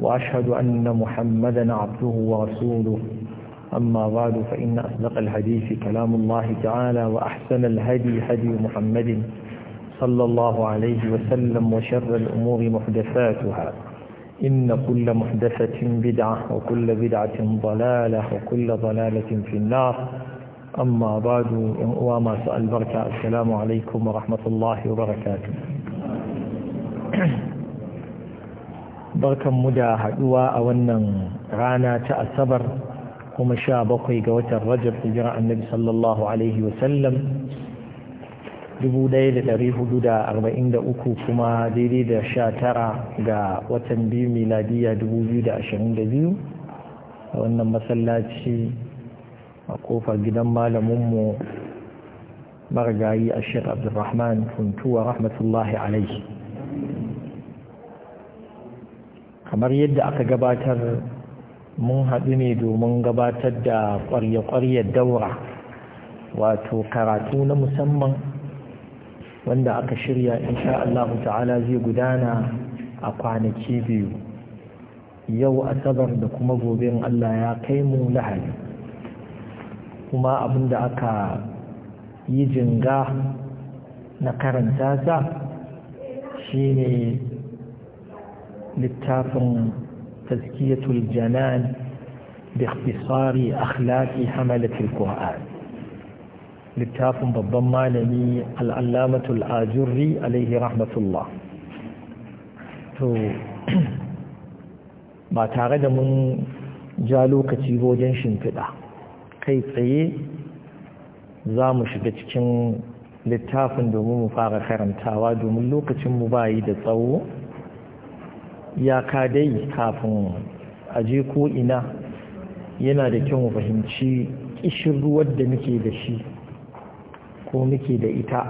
وأشهد أن محمدا عبده ورسوله أما بعد فإن أصدق الحديث كلام الله تعالى وأحسن الهدي هدي محمد صلى الله عليه وسلم وشر الأمور محدثاتها إن كل محدثة بدعة وكل بدعة ضلالة وكل ضلالة في النار أما بعد وما سأل بركة السلام عليكم ورحمة الله وبركاته barkanmu da haduwa a wannan rana ta asabar kuma sha bakwai ga watan rajab hijira annabi sallallahu alaihi wasallam 1443 kuma daidai da sha tara ga watan biyu miladiya 2022 a wannan masallaci a kofar gidan malaminmu marigayi ashir abdulrahman funtuwa rahmatullahi alaihi kamar yadda aka gabatar mun haɗu ne domin gabatar da ƙwarya-ƙwaryar daura wato karatu na musamman wanda aka shirya insha Allah ta'ala zai gudana a kwanaki biyu yau asabar da kuma gobe Allah ya kai mu lahani kuma abin da aka yi jinga na karanta sa shine littafin taskiyatul janan da ikhtisari akhlaqi hamalatul qur'an littafin babban malami al'allamatul ajurri alaihi rahmatullah to ba tare da mun ja lokaci wajen shimfiɗa kai tsaye za mu shiga cikin littafin domin mu fara karantawa domin lokacinmu ba yi da tsawo ya ka dai kafin a je ko ina yana da kyau mu fahimci ƙishin ruwan da muke da shi ko muke da ita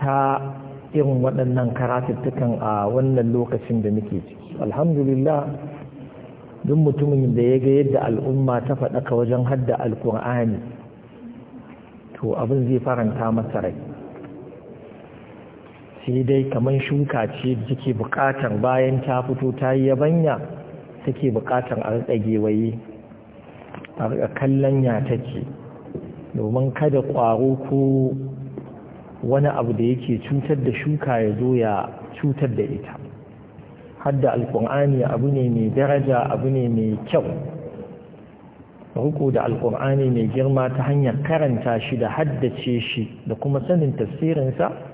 ta irin waɗannan karatattukan a wannan lokacin da muke ciki alhamdulillah duk mutumin da ya ga yadda al'umma ta faɗaka wajen hadda alkur'ani to abin zai faranta masa rai sai dai kamar shuka ce da take buƙatar bayan ta fito ta yi yabanya take buƙatar a riƙa gewaye a riƙa kallon ya take domin kada ƙwaro ko wani abu da yake cutar da shuka ya zo ya cutar da ita hadda alkur'ani abu ne mai daraja abu ne mai kyau riko da alkur'ani mai girma ta hanyar karanta shi da haddace shi da kuma sanin tasirinsa.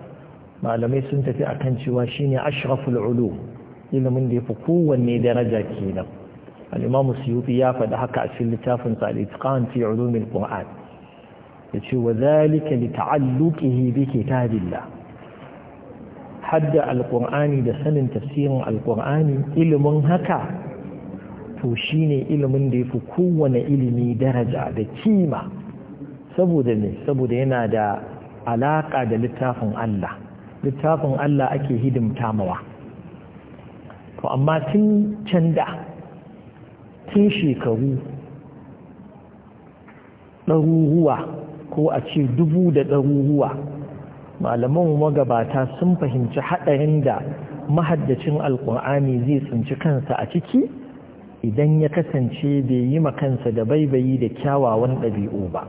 malamai sun tafi a kan cewa shine ashraful ulu ilimin da yafi kowanne daraja kenan al-imam ya faɗi haka a cikin littafin sa al-itqan fi ulum al-qur'an yace wa zalika li ta'alluqihi ta kitabillah hadda al da sanin tafsirin al ilimin haka to shine ilimin da yafi kowanne ilimi daraja da kima saboda ne saboda yana da alaƙa da littafin Allah littafin Allah ake hidimta mawa to amma tun canda, da tun shekaru ɗaruruwa ko a ce dubu da ɗaruruwa malaman magabata sun fahimci haɗarin da mahaddacin alƙur'ani zai tsinci kansa a ciki idan ya kasance bai yi makansa da baibayi da kyawawan ɗabi'u ba.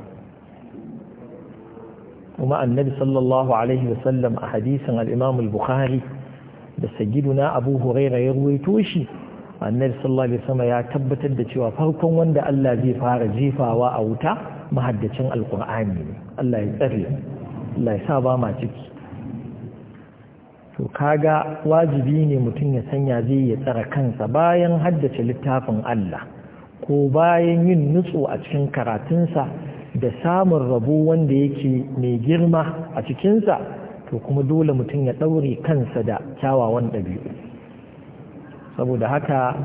kuma annabi sallallahu alaihi wasallam a hadisin al-imam al-bukhari da sayyiduna abu huraira ya ruwaito shi annabi sallallahu alaihi wasallam ya tabbatar da cewa farkon wanda Allah zai fara jefawa a wuta mahaddacin al'kur'ani. ne Allah ya tsare Allah ya sa ba ma ciki to kaga wajibi ne mutum ya sanya zai ya tsara kansa bayan haddace littafin Allah ko bayan yin nutsu a cikin karatunsa da samun rabo wanda yake mai girma a cikinsa to kuma dole mutum ya ɗaure kansa da kyawawan ɗabi'u saboda haka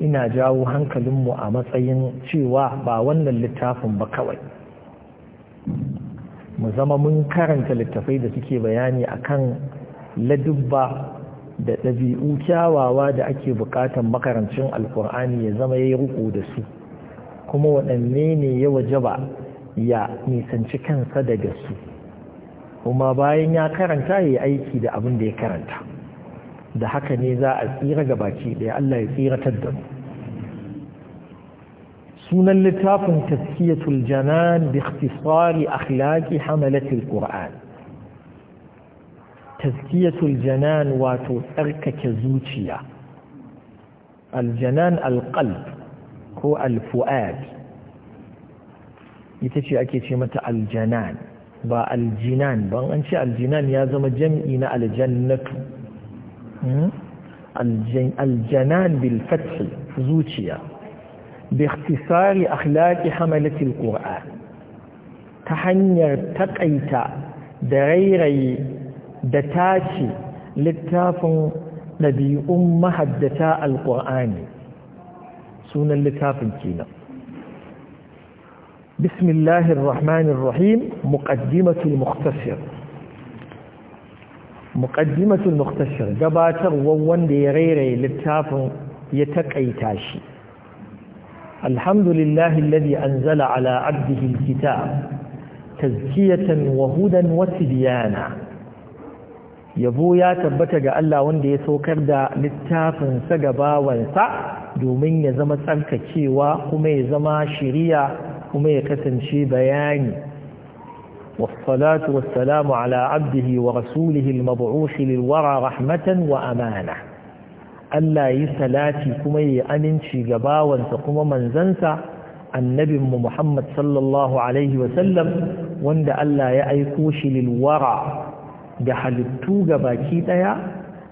ina jawo hankalinmu a matsayin cewa ba wannan littafin ba kawai mu zama mun karanta littafai da suke bayani akan ladubba da ɗabi'u kyawawa da ake bukatan makarancin alkur'ani ya zama ya yi da su kuma waɗanne ne ya waje ba. ya nisanci kansa daga su kuma bayan ya karanta ya yi aiki da abin da ya karanta da haka ne za a tsira ga baki ɗaya Allah ya tsiratar da mu sunan littafin taskiyatul janan bi ikhtisari akhlaqi hamalatul qur'an taskiyatul janan wato tsarkake zuciya aljanan alqalb ko alfuad ita ce ake ce mata aljanan ba aljinan ban an ce aljinan ya zama jam'i na aljannatu hmm? aljanan bil fathi zuciya bi ikhtisari akhlaqi hamalati ta hanyar takaita da rairayi da tace littafin ɗabi'un mahaddata alqur'ani sunan littafin kenan بسم الله الرحمن الرحيم مقدمة المختصر مقدمة المختصر جباتر وون دي غيري للتاف يتقي تاشي الحمد لله الذي أنزل على عبده الكتاب تزكية وهدى وتبيانا yabo ya tabbata ga Allah wanda ya saukar da littafinsa gabawansa domin ya zama tsarkakewa kuma ya zama shiriya kuma ya kasance bayani wasalatu wasalamu ala abdihi wa rasulihi almab'uthi lilwara rahmatan wa amana Allah yi salati kuma yi aminci ga bawansa kuma manzansa annabinmu mu Muhammad sallallahu alaihi wasallam wanda Allah ya aiko shi lilwara da halittu ga baki ɗaya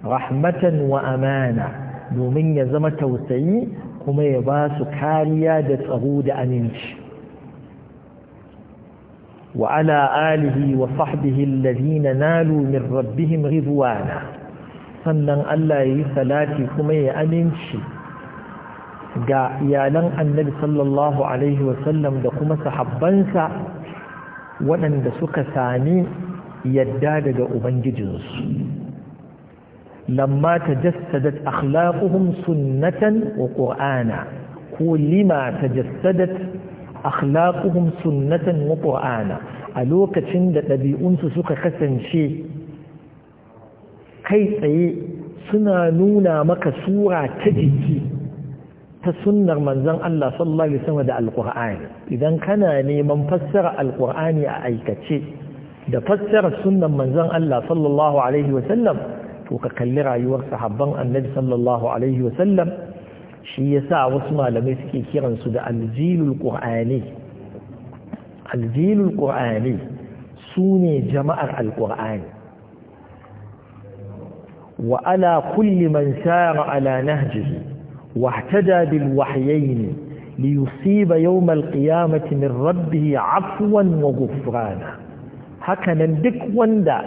rahmatan wa amana domin ya zama tausayi kuma ya basu kariya da tsaro da aminci وعلى آله وصحبه الذين نالوا من ربهم رضوانا sannan Allah ya yi salati kuma ya aminci ga iyalan annabi sallallahu Alaihi wasallam da kuma sahabbansa waɗanda suka sami yadda daga Ubangijinsu. Lamma ta jasadat akhlaquhum sunnatan wa ƙur'ana ko lima ta jassadat akhlaquhum sunnatan wa qur'ana a lokacin da ɗabi'unsu suka kasance kai tsaye suna nuna maka sura ta jiki ta sunnar manzon Allah sallallahu alaihi wasallam da alqur'ani idan kana neman fassara alqur'ani a aikace da fassara sunnan manzon Allah sallallahu alaihi wasallam to ka kalli rayuwar sahabban annabi sallallahu alaihi wasallam shi yasa wasu malamai suke kiransu da aljilul qur'ani aljilul qur'ani sune jama'ar alqur'ani wa ala kulli man sara ala nahjihi واهتدى بالوحيين ليصيب يوم القيامة من ربه عفوا وغفرانا duk wanda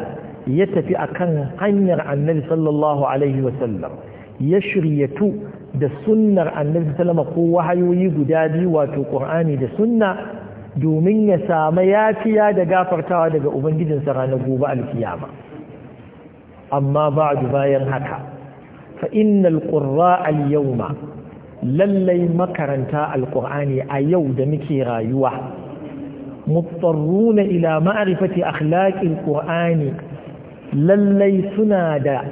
ya tafi akan hanyar annabi sallallahu alaihi wa sallam ya shiryatu da sunnar annabi sallama ko wahayoyi guda biyu wato qur'ani da sunna domin ya samu yafiya da gafartawa daga ubangijinsa ranar gobe alkiyama amma ba ba'du bayan haka fa innal ƙurra al yawma lallai makaranta alƙur'ani a yau da muke rayuwa muttarruna ila maarifati akhlaqil qur'ani lallai suna da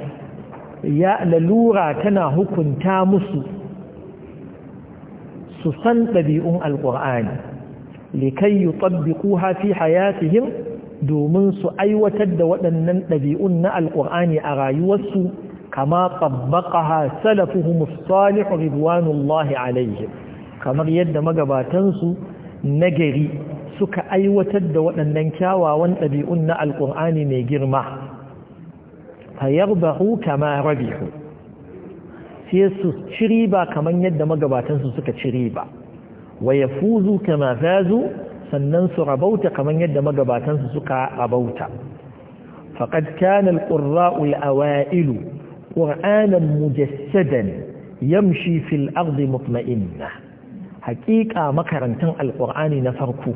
ya lalura tana hukunta musu su san ɗabi'un alƙur'ani likai yi tsabbiku hafi hayatihim domin su aiwatar da waɗannan ɗabi'un na alƙur'ani a rayuwarsu kama tsabbaka salafuhum salihu ridwanullahi alaihim kamar yadda magabatansu na gari suka aiwatar da waɗannan kyawawan ɗabi'un na alƙur'ani mai girma fayarbahu kama rabihu sai su ciri ba kaman yadda magabatansu suka ciri ba, wa yafuzu kama fazu sannan su rabauta kamar yadda magabatansu suka rabauta faqad kana al-qurra'u al mujassadan yamshi fil ardi mutma'inna haƙiƙa makarantar Alƙur'ani na farko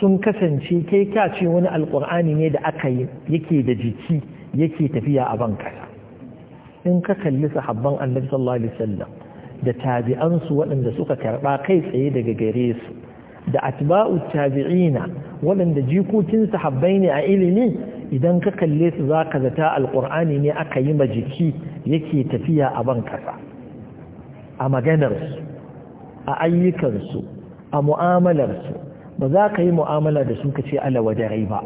sun kasance kai kace wani Alƙur'ani ne da aka yake da jiki yake tafiya a banka in ka kalli sahabban annabi sallallahu alaihi wasallam da tabi'ansu waɗanda suka karɓa kai tsaye daga gare su da atba'u tabi'ina waɗanda jikokin sahabbai ne a ilimi idan ka kalle su zaka zata alqur'ani ne aka yi majiki yake tafiya a banka a maganar su a ayyukan su a muamalar su ba za ka yi mu'amala da su ka ce alawa da ba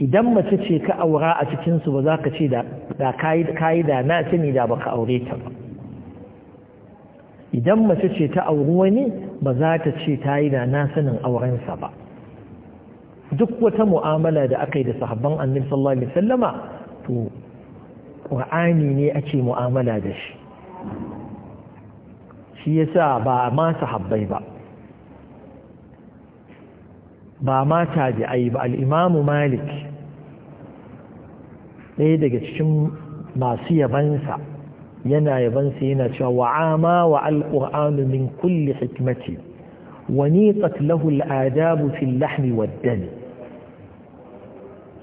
idan mace ce ka aura a cikinsu ba za ka ce da kayi da na sani da ba ka aure ta ba idan mace ce ta auri wani ba za ta ce ta yi da na sanin aurensa ba duk wata mu'amala da aka yi da sahabban annin sallallahu alaihi wasallama to qur'ani ne ake mu'amala da shi shi yasa ba ma sahabbai ba ba ma tabi'ai ba al'imamu malik ɗaya daga cikin masu yabansa yana yabansa yana cewa wa'ama wa al'ur'anu min kulli hikmati wani tsatlahul adabu fil lahmi waddani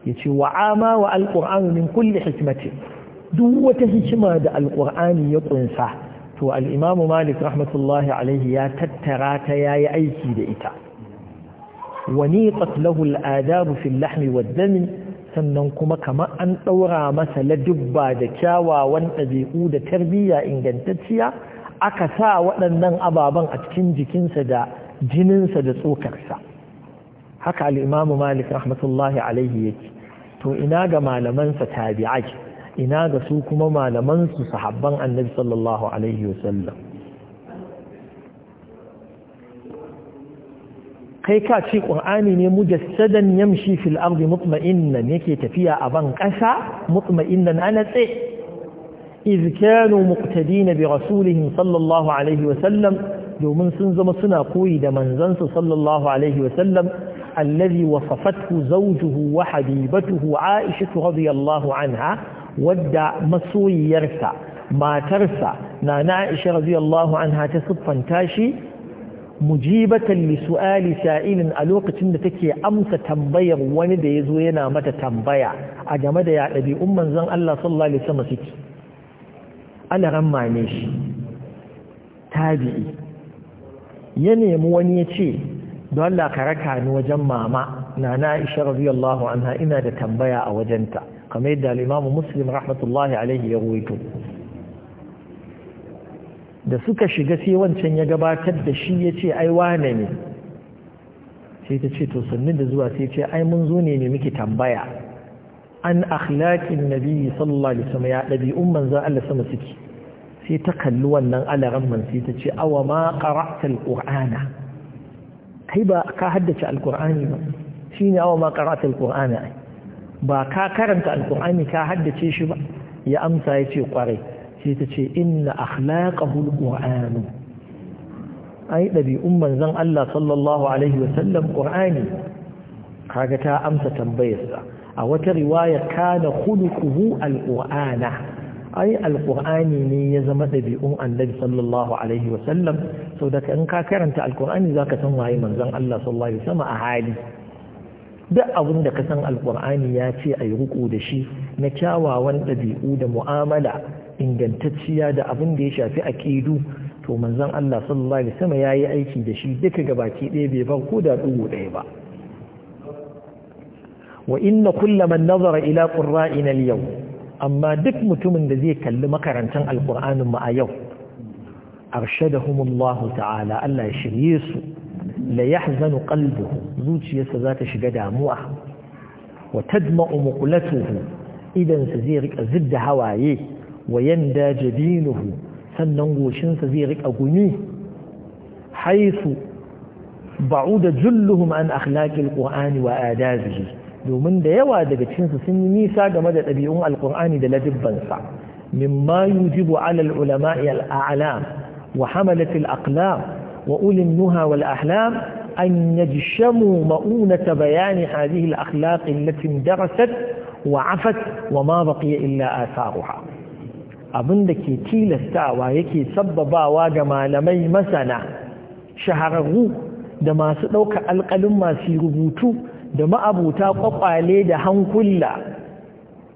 ya ce wa'ama wa al'ur'anu min kulli hikmati duk wata hikima da al'ur'ani ya ƙunsa to al'imamu malik rahmatullahi alaihi ya tattara ta ya yi aiki da ita ونيقت له الآداب في wa والدم sannan kuma kamar an ɗaura masa ladibba da kyawawan ɗabi'u da tarbiyya ingantacciya aka sa waɗannan ababen a cikin jikinsa da jininsa da tsokarsa haka al'imamu malik rahmatullahi alaihi yake to ina ga malamansa tabi'ai ina ga su kuma malamansu sahabban annabi sallallahu alaihi wasallam kai ka ce ƙur'ani ne mujassadan yamshi fil ardi mutma'innan yake tafiya a ban ƙasa mutma'innan ana tse iz kanu muqtadina bi rasulihim sallallahu alaihi wa sallam domin sun zama suna koyi da manzansa sallallahu alaihi wa sallam allazi wasafathu zawjuhu wa habibatuhu aisha radiyallahu anha wadda masoyiyarsa matarsa na na aisha radiyallahu anha ta siffanta shi mujibatan li su'ali sa'ilin a lokacin da take amsa tambayar wani da yazo yana mata tambaya a game da ya ɗabi'un manzon Allah sallallahu alaihi wasallam suke ana ramma shi tabi'i ya nemi wani ya ce don Allah ka raka ni wajen mama nana Aisha radiyallahu anha ina da tambaya a wajenta kamar yadda al-Imam Muslim rahmatullahi alaihi ya ruwaito da suka shiga sai wancan ya gabatar da shi ya ce ai wane ne sai ta ce to sannin da zuwa sai ce ai mun zo ne ne muke tambaya an akhlaqin nabi sallallahu alaihi wasallam ya umman za Allah sama suke sai ta kalli wannan alaran man sai ta ce awa ma qara'ta alqur'ana kai ba ka haddace alqur'ani ba shine awa ma qara'ta alqur'ana ba ka karanta alqur'ani ka haddace shi ba ya amsa ya ce kwarai sai ta ce inna akhlaqahul qur'an ai dabi'un manzon Allah sallallahu alaihi wa sallam qur'ani kaga ta amsa tambayarsa a wata riwaya kana khuluquhu alqur'ana ai alqur'ani ne ya zama dabi'un annabi sallallahu alaihi wa sallam so da in ka karanta alqur'ani zaka san waye manzon Allah sallallahu alaihi wa sallam a hali duk abin da ka san alkur'ani ya ce ayi ruku da shi na kyawawan ɗabi'u da mu'amala ingantacciya da abin da ya shafi ƙidu to manzan Allah sallallahu alaihi wasallam yayi aiki da shi duka gabaki ɗaya bai ban ko da dugu ɗaya ba wa inna kulla man nazara ila qurra'ina al amma duk mutumin da zai kalli makarantar alqur'anin mu a yau arshadahumullahu ta'ala Allah ya shirye su la yahzanu qalbuhu zuciyarsa za ta shiga damuwa wa tadma'u muqlatuhu idan sa zai rika zidda hawaye ويندى جبينه سننغوشن سزيغك أقني حيث بعود جلهم عن أخلاق القرآن وآدابه لو دا يوا دقى تشنس سنني ساق مدى تبيعون القرآن دا لدبا مما يجب على العلماء الأعلام وحملة الأقلام وأولي النهى والأحلام أن يجشموا مؤونة بيان هذه الأخلاق التي اندرست وعفت وما بقي إلا آثارها abinda ke tilastawa yake sabbabawa ga malamai masana shahararru da masu ɗauka alƙalin masu rubutu da ma'abuta ƙwaƙwale da hankula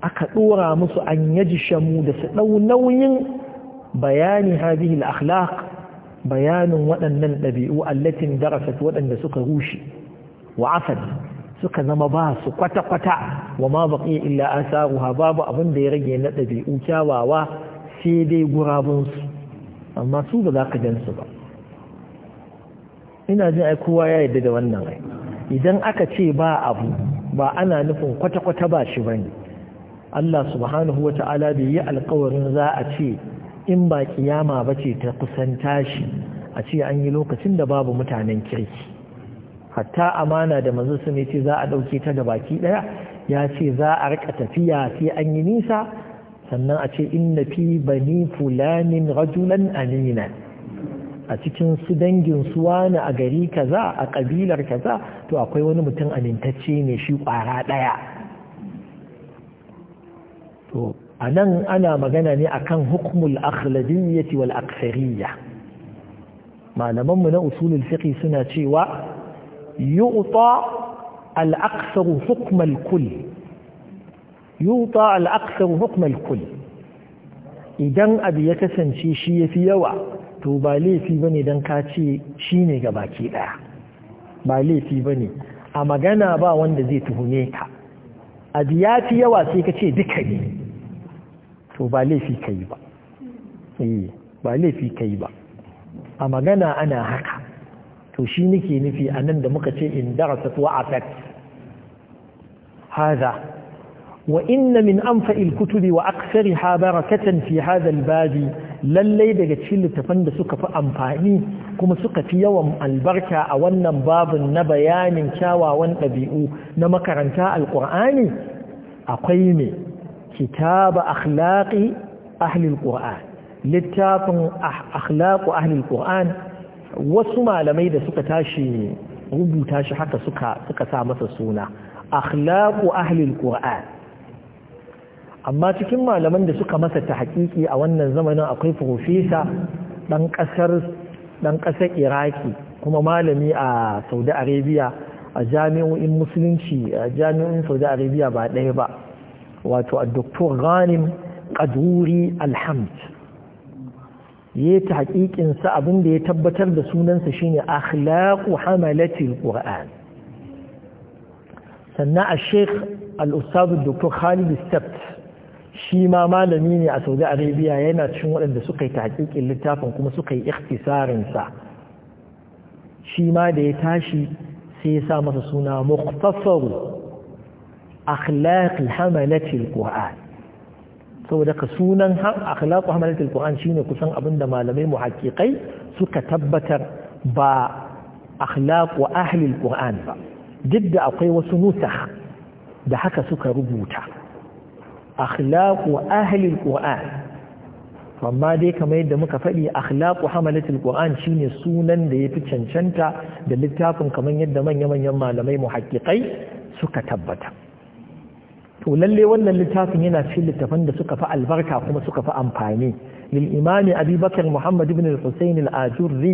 aka ɗora musu an yaji shamu da su ɗau nauyin bayani hadihil akhlaq bayanin waɗannan ɗabi'u allatin darasat waɗanda suka rushe wa suka zama ba su kwata-kwata wa ma baƙi illa an babu abin da ya rage na ɗabi'u kyawawa sai dai gurabunsu amma su ba za ka jan su ba ina jin ai kowa ya yarda da wannan rai. idan aka ce ba abu ba ana nufin kwata-kwata ba shi bane Allah subhanahu wa ta'ala bai yi alkawarin za a ce in ba kiyama ba ce ta kusanta shi. a ce an yi lokacin da babu mutanen kirki hatta amana da manzo sun ce za a ɗauke ta baki daya. ya ce za a rika tafiya sai an yi nisa sannan a ce inna fi bani fulanin rajulan amina a cikin su dangin su wani a gari kaza a kabilar kaza to akwai wani mutum amintacce ne shi kwara ɗaya to a nan ana magana ne a kan hukmul akhladiyyati wal aksariyya malamanmu na usulul fiqh suna cewa يعطى الأكثر حكم الكل يعطى الأكثر حكم الكل idan abu ya kasance shi ya fi yawa to ba laifi ba ne don ka ce shi ne ga baki ɗaya ba laifi ba ne a magana ba wanda zai tuhume ka abu ya fi yawa sai ka ce duka ne to ba laifi ka yi ba ba laifi ka yi ba a magana ana haka to shi nake nufi a nan da muka ce in darasat wa afat hada wa inna min anfa'il kutubi wa aktsariha barakatan fi hada albabi lallai daga cikin littafan da suka fi amfani kuma suka fi yawan albarka a wannan babin na bayanin kyawawan ɗabi'u na makaranta alƙur'ani akwai me kitaba akhlaqi ahli alƙur'an littafin ah-, akhlaqu ahli alƙur'an wasu malamai da suka tashi rubuta shi haka suka suka sa masa suna akhlaqu ahli alquran amma cikin malaman da suka masa ta hakiki a wannan zamanin akwai profesa dan kasar iraki kuma malami a saudi arabia a jami'o'in musulunci a jami'o'in saudi arabia ba ɗaya ba wato a doktor ghanim qaduri alhamd ya ta haƙiƙinsa abin da ya tabbatar da sunansa shine akhlaqu hamalatil qur'an sannan a sheikh al-ustadu dr khalid sabt shi ma malami ne a saudi arabia yana cikin waɗanda suka yi ta haƙiƙin littafin kuma suka yi ikhtisarinsa shi ma da ya tashi sai ya sa masa suna mukhtasaru akhlaqi hamalatil qur'an saboda ka sunan akhlaqu hamalatul qur'an shine kusan abinda malamai muhaqqiqai suka tabbatar ba akhlaqu ahli alquran ba duk da akwai wasu nusakh da haka suka rubuta akhlaqu ahli alquran amma dai kamar yadda muka faɗi akhlaqu hamalatul qur'an shine sunan da yafi cancanta da littafin kamar yadda manya-manyan malamai muhaqqiqai suka tabbata to lalle wannan littafin yana cikin littafan da suka fi albarka kuma suka fi amfani lil imami abubakar muhammad ibn al-husayn al-ajurri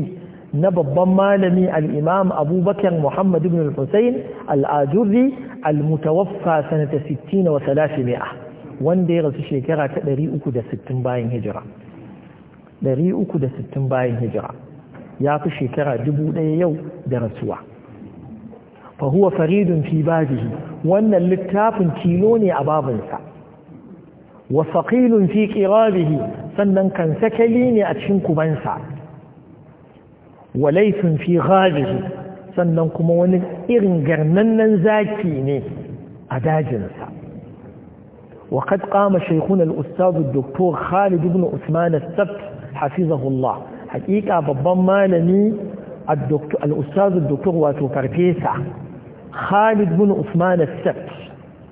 na babban malami al-imam abubakar muhammad ibn al-husayn al-ajurri al-mutawaffa sanata 60 wa 300 wanda ya rasu shekara ta 360 bayan hijira 360 bayan hijira ya fi shekara dubu ɗaya yau da rasuwa fa huwa faridun fi babihi wannan littafin tilo ne a babinsa wa faqilun fi qirabihi sannan kan sakali ne a cikin kubansa wa laifin fi ghabihi sannan kuma wani irin garnannen zaki ne a dajinsa وقد قام شيخنا الأستاذ الدكتور خالد بن عثمان السبت حفظه الله حقيقة ببما لني الدكتور الأستاذ الدكتور واتو فرفيسة Khalid bin Usman al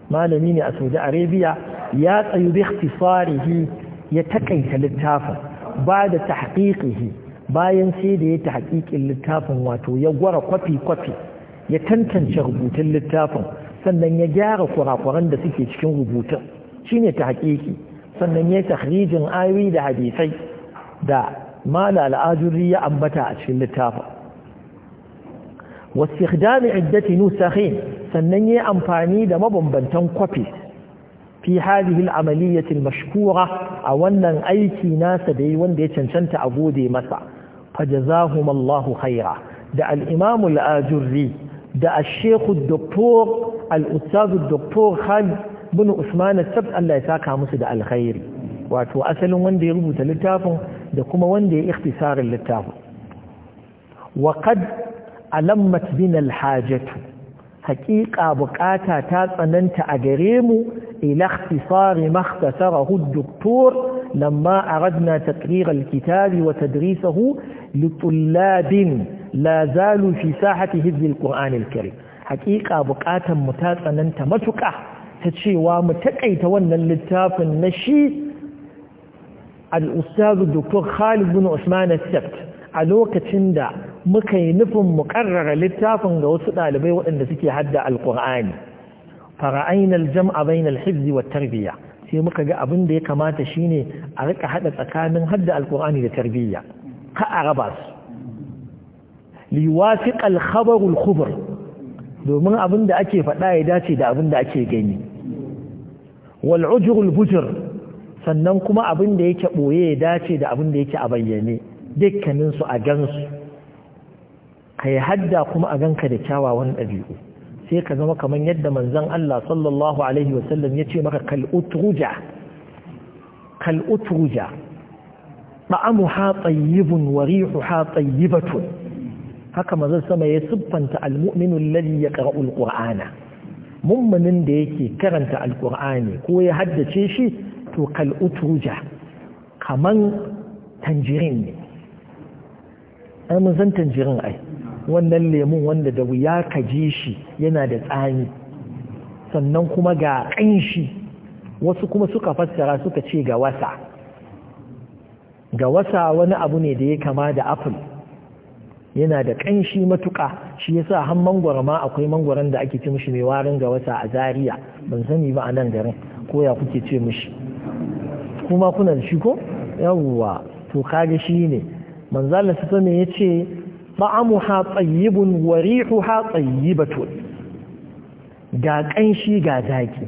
malami ne a Saudi Arabia ya tsayu bi ikhtisarihi ya taƙaita littafin ba da tahqiqihi bayan sai da ya tahqiqin littafin wato ya gwara kwafi kwafi ya tantance rubutun littafin sannan ya gyara kurakuran da suke cikin rubutun shine tahqiqi sannan ya tahrijin ayoyi da hadisai da mala al'ajuri ya ambata a cikin littafin واستخدام عدة نسخين سنني أمفاني دمبن بنتن كوبي في هذه العملية المشكورة أولا أيكي ناس ديوان دي تنشنت أبودي مسا فجزاهم الله خيرا دع الإمام الآجري دع الشيخ الدكتور الأستاذ الدكتور خالد بن عثمان السبت الله يساكا مسد الخير wato asalin wanda ya rubuta littafin da kuma wanda ya ikhtisarin littafin wa qad alammat bina alhajatu haƙiƙa buƙata ta tsananta a gare mu ila ikhtisari makhtasara hu doktor lamma aradna taqrir al wa tadrisahu li tullabin la zalu fi sahati hizb al-Qur'an al-Karim haƙiƙa buƙatan mu ta tsananta matuƙa ta cewa mu taƙaita wannan littafin na shi al-ustad Dr. Khalid bin Usman al-Sabt a lokacin da muka yi nufin mu karrara littafin ga wasu ɗalibai waɗanda suke hadda alƙur'ani fara'ainal jam'a bainal alhizzi wa tarbiyya sai muka ga abin da ya kamata shine a rika hada tsakanin hadda alƙur'ani da tarbiyya ka a raba su liwafiq alkhabar alkhubr domin abin da ake faɗa ya dace da abin da ake gani wal ujur bujur sannan kuma abin da yake ɓoye ya dace da abin da yake a bayyane dukkaninsu a gansu ka yi hadda kuma a ganka da kyawawan ɗabi'u sai ka zama kamar yadda manzon Allah sallallahu alaihi wasallam ya ce maka kal'utruja kal'utruja ba'amuha tayyibun wa rihuha tayyibatun haka manzon sama ya siffanta almu'minu alladhi yaqra'u alqur'ana mummunin da yake karanta Alƙur'ani ko ya haddace shi to kal'utruja kaman tanjirin ne ai mun san tanjirin ai wannan lemun wanda da wuya ka ji shi yana da tsani sannan kuma ga ƙanshi wasu kuma suka fassara suka ce ga wasa ga wasa wani abu ne da ya kama da apple yana da ƙanshi matuƙa shi yasa har mangwara ma akwai mangwaron da ake ce mishi mai warin ga wasa a Zariya ban sani ba a nan garin ko ya kuke ce mishi kuma kuna da shi ko yawwa to kage shi ne manzala su ne ya ce طعمها طيب وريحها طيبة ga ƙanshi ga zaki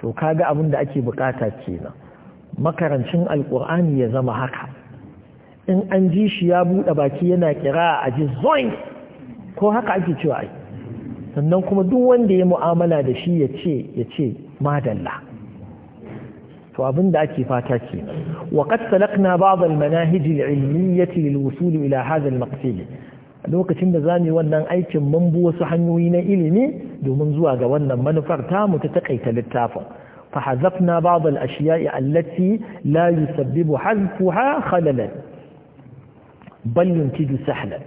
to kaga abin da ake bukata kenan makarancin Alƙur'ani ya zama haka in an ji shi ya buɗe baki yana kira a ji zoin ko haka ake cewa sannan kuma duk wanda ya mu'amala da shi ya ce ya ce madalla to abin da ake fata ke wa qad salakna ba'd al manahij al ilmiyyah lil wusul ila hadha al maqsid lokacin da zamu wannan aikin mun bu wasu hanyoyi na ilimi domin zuwa ga wannan manufar mu ta takaita littafin فحذفنا بعض الأشياء allati la yusabbibu حذفها خللا بل ينتج سهلا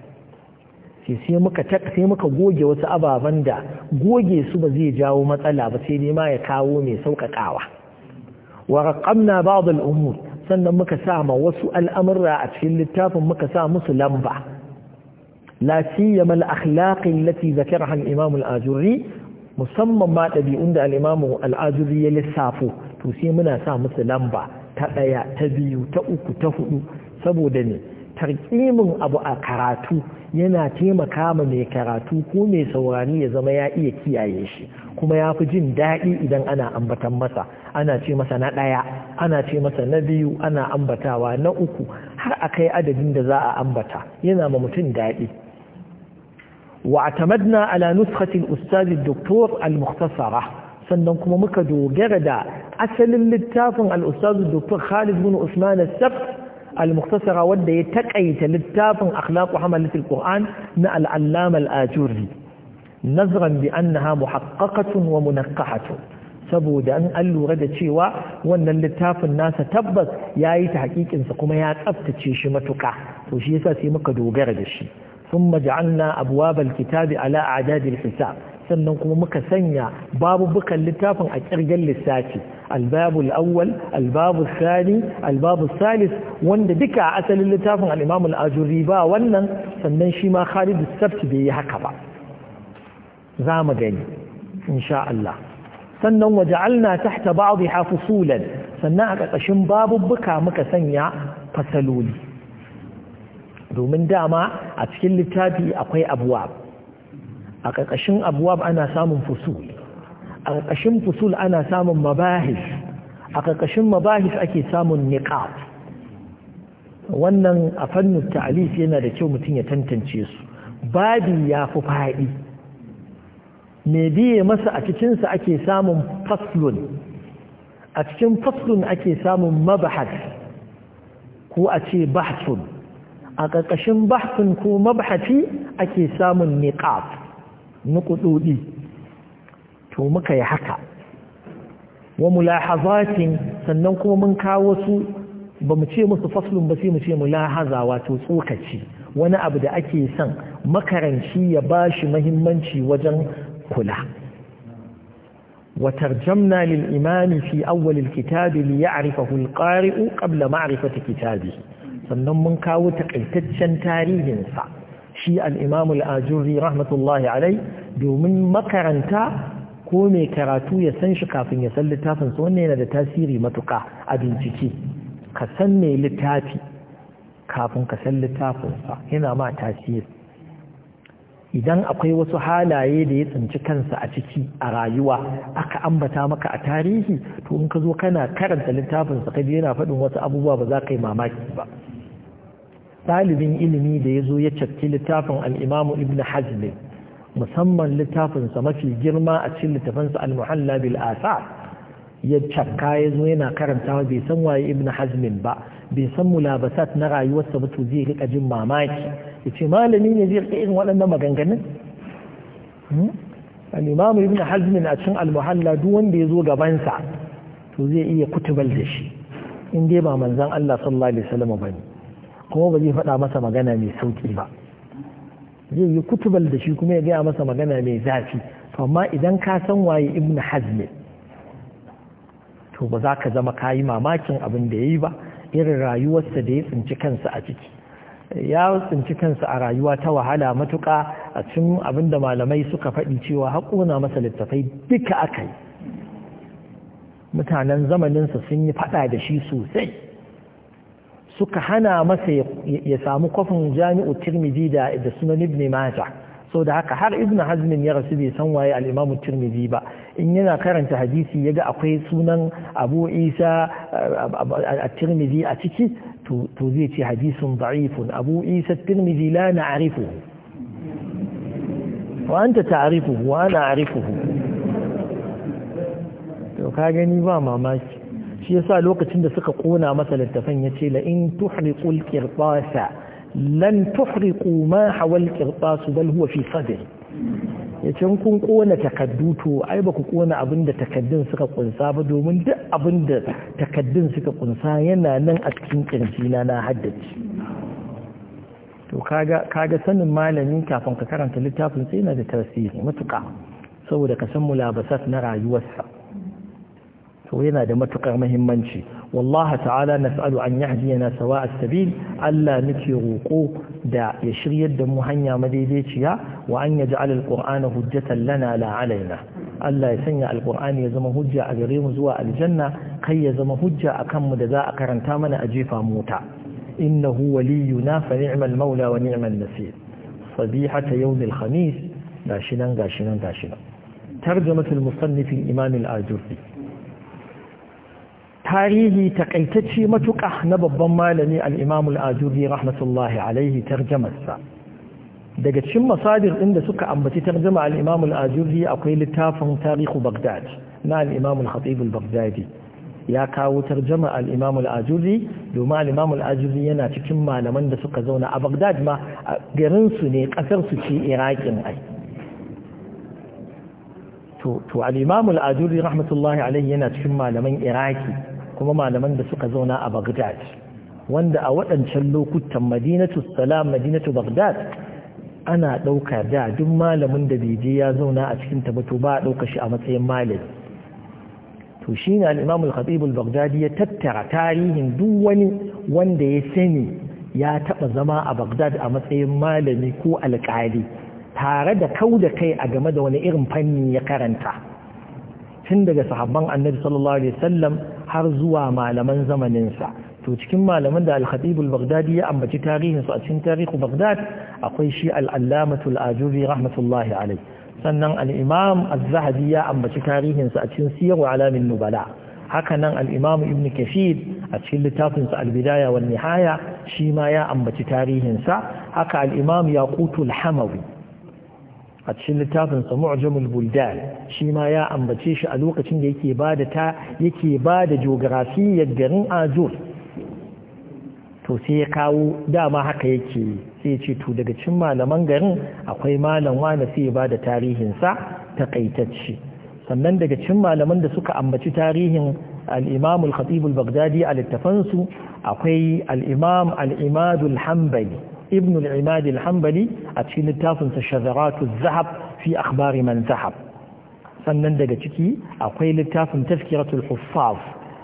sai muka sai muka goge wasu ababen da goge su ba zai jawo matsala ba sai ne ma ya kawo mai sauƙaƙawa wa raqamna ba'd al-umur sannan muka sa ma wasu al'amurra a cikin littafin muka sa musu lamba la siyama al-akhlaq allati zakaraha al-imam al musamman ma ɗabi'un da al-imam ya lissafo to sai muna sa musu lamba ta daya ta biyu ta uku ta huɗu? saboda ne tarƙimin abu a karatu yana taimaka ma mai karatu ko mai saurari ya zama ya iya kiyaye shi kuma ya fi jin daɗi idan ana ambatan masa ana ce masa na ɗaya ana ce masa na biyu ana ambatawa na uku har a kai adadin da za a ambata yana ma mutum daɗi wa'atamadna ala nuskatin ustazi doktor al-mukhtasara sannan kuma muka dogara da asalin littafin al-ustazi doktor khalid bin usman al al-mukhtasara wanda ya taƙaita littafin akhlaqu al qur'an na al-allama al-ajuri nazran bi annaha muhaqqaqatun wa munaqqahatun saboda an an lura da cewa wannan littafin nasa tabbas ya yi ta hakikinsa kuma ya tsaftace shi matuka to shi yasa sai muka dogara da shi sun maja'alna abuwabal kitabi ala adadil hisab sannan kuma muka sanya babu bukan littafin a kirgen lissafi albabu al'awwal albabu sani albabu salis wanda duka asalin littafin al'imamu al'ajuri ba wannan sannan shi ma khalidu sabti bai yi haka ba za mu gani insha Allah sannan waje waja'alna tahta ba'dha fusulan sannan a ƙarƙashin babubbuka muka sanya fasaloli domin dama a cikin littafi akwai abuwab a ƙarƙashin abuwab ana samun fusul a ƙarƙashin fusul ana samun mabahis a ƙarƙashin mabahis ake samun niqab wannan a fannin ta'alif yana da kyau mutum ya tantance su babi ya fi faɗi me biye masa a cikinsa ake samun faslun a cikin faslun ake samun mabahas ko a ce bahsun a ƙarƙashin bahsun ko mabahati ake samun niqab nuƙuɗoɗi to muka yi haka wa mulahazatin sannan kuma mun kawo su ba mu ce musu faslun ba sai mu ce mulahaza wato tsokaci wani abu da ake son makaranci ya bashi shi mahimmanci wajen kula وترجمنا للإمام في أول ya arifa hulƙari'u قبل معرفة كتابه sannan mun kawo taƙaitaccen tarihinsa shi al'imamul ajuri rahmatullahi alai domin makaranta ko mai karatu ya san shi kafin ya san littafinsa wannan yana da tasiri matuka a bincike ka san mai littafi kafin ka san littafinsa yana ma tasiri idan akwai wasu halaye da ya tsinci kansa a ciki a rayuwa aka ambata maka a tarihi to in ka zo kana karanta littafinsa ka yana faɗin wasu abubuwa ba za ka yi mamaki ba ɗalibin ilimi da ya zo ya catti littafin al'imamu ibn hajjin musamman littafinsa mafi girma a cikin littafinsa al-muhalla bil asar ya cakka ya zo yana karantawa bai san waye ibn hazmin ba bai san mulabasat na rayuwarsa ba to zai rika jin mamaki ya ce malami ne zai rika irin waɗannan maganganun hmm? al'imamu ibn hazmin a cikin almuhalla duk wanda ya zo gabansa to zai iya kutubal da shi in dai ba manzan Allah sallallahu alaihi wasallam ba ne kuma ba zai faɗa masa magana mai sauki ba zai yi kutubal da shi kuma ya gaya masa magana mai zafi amma idan ka san waye ibn hazmin to ba za ka zama ka yi mamakin abin da ya yi ba irin rayuwarsa da ya tsinci kansa a ciki ya tsinci kansa a rayuwa ta wahala matuƙa a cikin abin da malamai suka faɗi cewa haƙuna masa littattafai duka aka yi mutanen zamaninsa sun yi faɗa da shi sosai suka hana masa ya samu kwafin jami'u tirmidhi da sunan ibn majah so da haka har ibn hazmin ya rasu bai san waye al-imam tirmidhi ba in yana karanta hadisi yaga akwai sunan abu isa at-tirmidhi a ciki to zai ce hadisun da'ifun abu isa at-tirmidhi la na'rifu wa anta ta'rifuhu wa ana a'rifuhu to ka gani ba mamaki shi yasa lokacin da suka kona masa littafin yace la in tuhliqul qirtasa lan tuhriqu ma hawal qirtas bal huwa fi sadri yace kun kona takaddu to ai ba ku kona abin da takaddun suka kunsa ba domin duk abin da takaddun suka kunsa yana nan a cikin kirjina na haddace to kaga kaga sanin malami kafin ka karanta littafin sai yana da tasiri matuƙa saboda ka san mulabasat na rayuwarsa to yana da matukar muhimmanci wallahi ta'ala nas'alu an yahdiyana sawa'a sabil Allah muke roko da ya shiryar da mu hanya madaidaiciya wa an yaj'al al-qur'ana hujjatan lana la alaina Allah ya sanya alkur'ani ya zama hujja a gare mu zuwa aljanna kai ya zama hujja a kanmu da za a karanta mana a jefa mota innahu waliyuna fa ni'mal maula wa ni'mal nasir sabihata yawmil khamis gashi nan gashi nan gashi nan tarjamatul tarihi takaitacce matuƙa na babban malami al'imamu al'ajubi rahmatullahi alaihi tarjamarsa daga cikin masadir ɗin da suka ambaci tarjama al'imamu al'ajubi akwai littafin tarihu bagdad na al'imamu al bagdadi ya kawo tarjama al'imamu al'ajubi domin al'imamu al'ajubi yana cikin malaman da suka zauna a bagdad ma garinsu ne ƙasarsu ce iraƙin ai to al'imamu al'ajubi rahmatullahi alaihi yana cikin malaman iraki kuma malaman da suka zauna a Baghdad wanda a waɗancan lokutan Madinatu Salam Madinatu Baghdad ana ɗauka da duk malamin da bai ya zauna a cikin tabato ba a ɗauka shi a matsayin malami to shi ne al'imamul khatibul bagdadi ya tattara tarihin duk wani wanda ya sani ya taɓa zama a bagdad a matsayin malami ko alƙali tare da kau da kai a game da wani irin fanni ya karanta tun daga sahabban annabi sallallahu alaihi wasallam har zuwa malaman zamaninsa to cikin malaman da al-khatib baghdadi ya ambaci tarihinsu a cikin tarihi baghdad akwai shi al-allamatu al-ajuri rahmatullahi alai sannan al-imam az-zahabi ya ambaci tarihinsa a cikin siyarwa alamin nubala haka nan al-imam ibn kashid a cikin littafinsa al-bidaya wal nihaya shi ma ya ambaci tarihinsa haka al-imam yaqut al-hamawi a cikin littafin sa mu'jamul buldan shi ma ya ambace shi a lokacin da yake bada ta yake bada garin Azur to sai ya kawo dama haka yake sai ce to daga cin malaman garin akwai malam wani sai ya bada tarihin sa takaitacce sannan daga cikin malaman da suka ambaci tarihin al-Imam al-Khatib al-Baghdadi a littafansu akwai al-Imam al-Imad hanbali ابن العماد الحنبلي في نتاف الشذرات الذهب في أخبار من ذهب سنن دقا تكي أقوي نتاف تذكرة الحفاظ